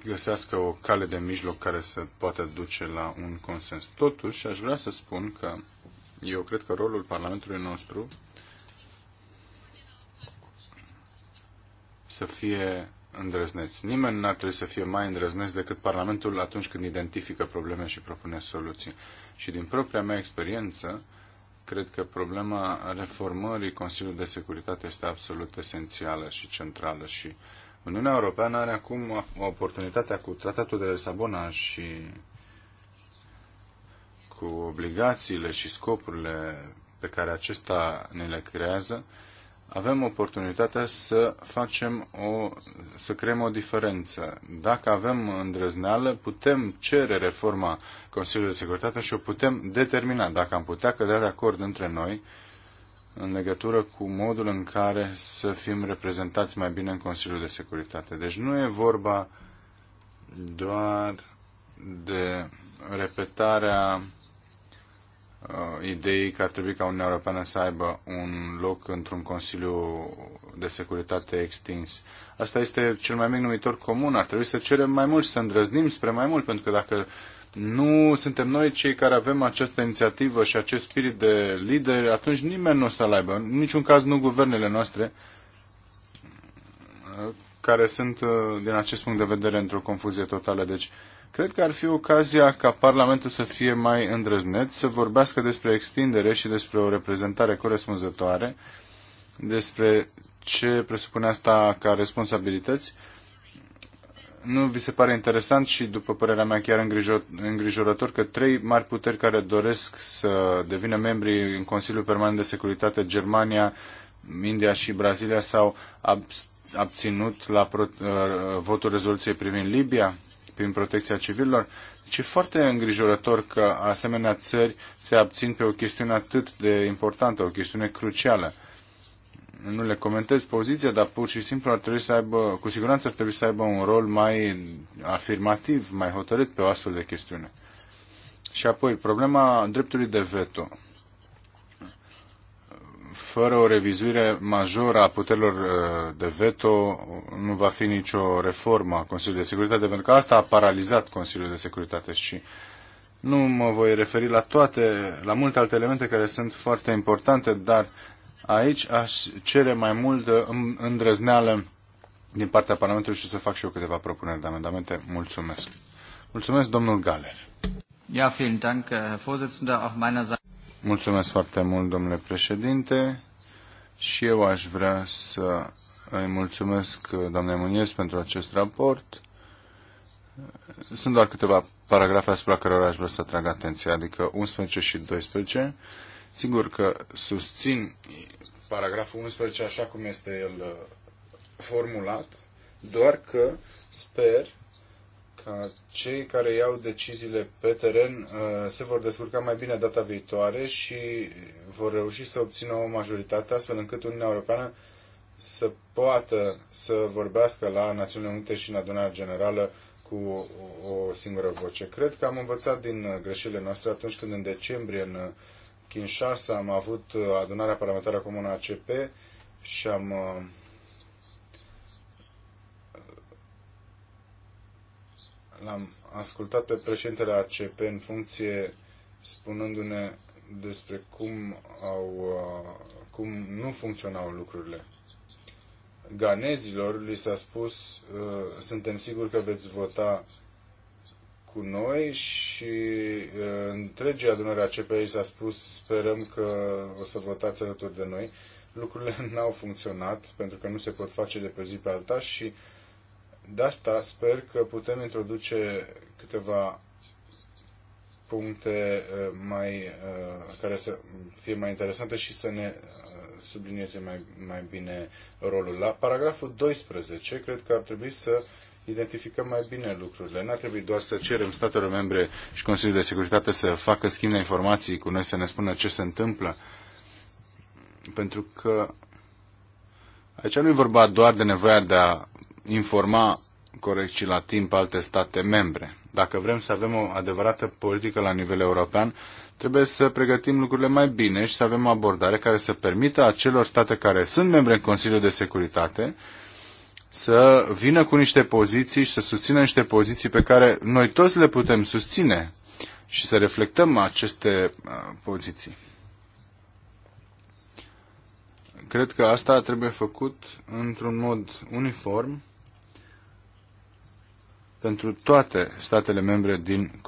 găsească o cale de mijloc care să poată duce la un consens. Totuși, aș vrea să spun că eu cred că rolul Parlamentului nostru să fie îndrăzneț. Nimeni n-ar trebui să fie mai îndrăzneț decât Parlamentul atunci când identifică probleme și propune soluții. Și din propria mea experiență, cred că problema reformării Consiliului de Securitate este absolut esențială și centrală și uh, Uniunea Europeană are acum oportunitatea cu Tratatul de Lisabona și cu obligațiile și scopurile pe care acesta ne le creează, avem oportunitatea să facem o, să creăm o diferență. Dacă avem îndrăzneală, putem cere reforma Consiliului de Securitate și o putem determina. Dacă am putea cădea de acord între noi, în legătură cu modul în care să fim reprezentați mai bine în Consiliul de Securitate. Deci nu e vorba doar de repetarea uh, ideii că ar trebui ca Uniunea Europeană să aibă un loc într-un Consiliu de Securitate extins. Asta este cel mai mic numitor comun. Ar trebui să cerem mai mult, să îndrăznim spre mai mult, pentru că dacă nu suntem noi cei care avem această inițiativă și acest spirit de lider. atunci nimeni nu o să-l aibă. În niciun caz nu guvernele noastre, care sunt, uh, din acest punct de vedere, într-o confuzie totală. Deci, cred că ar fi ocazia ca Parlamentul să fie mai îndrăzneț, să vorbească despre extindere și despre o reprezentare corespunzătoare, despre ce presupune asta ca responsabilități nu vi se pare interesant și, după părerea mea, chiar îngrijorător că trei mari puteri care doresc să devină membri în Consiliul Permanent de Securitate, Germania, India și Brazilia, s-au abținut la uh, votul rezoluției privind Libia, prin protecția civililor? Deci e foarte îngrijorător că asemenea țări se abțin pe o chestiune atât de importantă, o chestiune crucială nu le comentez poziția, dar pur și simplu ar trebui să aibă, cu siguranță ar trebui să aibă un rol mai afirmativ, mai hotărât pe o astfel de chestiune. Și apoi, problema dreptului de veto. Fără o revizuire majoră a puterilor uh, de veto, nu va fi nicio reformă a Consiliului de Securitate, pentru că asta a paralizat Consiliul de Securitate și nu mă voi referi la toate, la multe alte elemente care sunt foarte importante, dar Aici aș cere mai multă uh, îndrăzneală din partea Parlamentului și să fac și eu câteva propuneri de amendamente. Mulțumesc. Mulțumesc, domnul Galer. Ja, vielen Dank, Herr Vorsitzender, auch Mulțumesc foarte mult, domnule președinte. Și eu aș vrea să îi mulțumesc, uh, doamne Muniez, pentru acest raport. Sunt doar câteva paragrafe asupra cărora aș vrea să atrag atenția, adică 11 și 12. Sigur că susțin paragraful 11 așa cum este el uh, formulat, doar că sper ca cei care iau deciziile pe teren uh, se vor descurca mai bine data viitoare și vor reuși să obțină o majoritate astfel încât Uniunea Europeană să poată să vorbească la Națiunile Unite și în adunarea generală cu o singură voce. Cred că am învățat din uh, greșelile noastre atunci când în decembrie în Kinshasa am avut uh, adunarea parlamentară comună ACP și am uh, l-am ascultat pe președintele ACP în funcție spunându-ne despre cum au uh, cum nu funcționau lucrurile. Ganezilor li s-a spus suntem siguri că veți vota cu noi și uh, întregii adunări a CPI s-a spus sperăm că o să votați alături de noi. Lucrurile n-au funcționat pentru că nu se pot face de pe zi pe alta și de asta sper că putem introduce câteva puncte uh, mai, uh, care să fie mai interesante și să ne sublinieze mai, mai bine rolul. La paragraful 12, cred că ar trebui să identificăm mai bine lucrurile. N-ar trebui doar să cerem statelor membre și Consiliul de Securitate să facă schimb de informații cu noi, să ne spună ce se întâmplă. Pentru că aici nu e vorba doar de nevoia de a informa corect și la timp alte state membre. Dacă vrem să avem o adevărată politică la nivel european, Trebuie să pregătim lucrurile mai bine și să avem o abordare care să permită acelor state care sunt membre în Consiliul de Securitate să vină cu niște poziții și să susțină niște poziții pe care noi toți le putem susține și să reflectăm aceste uh, poziții. Cred că asta trebuie făcut într-un mod uniform pentru toate statele membre din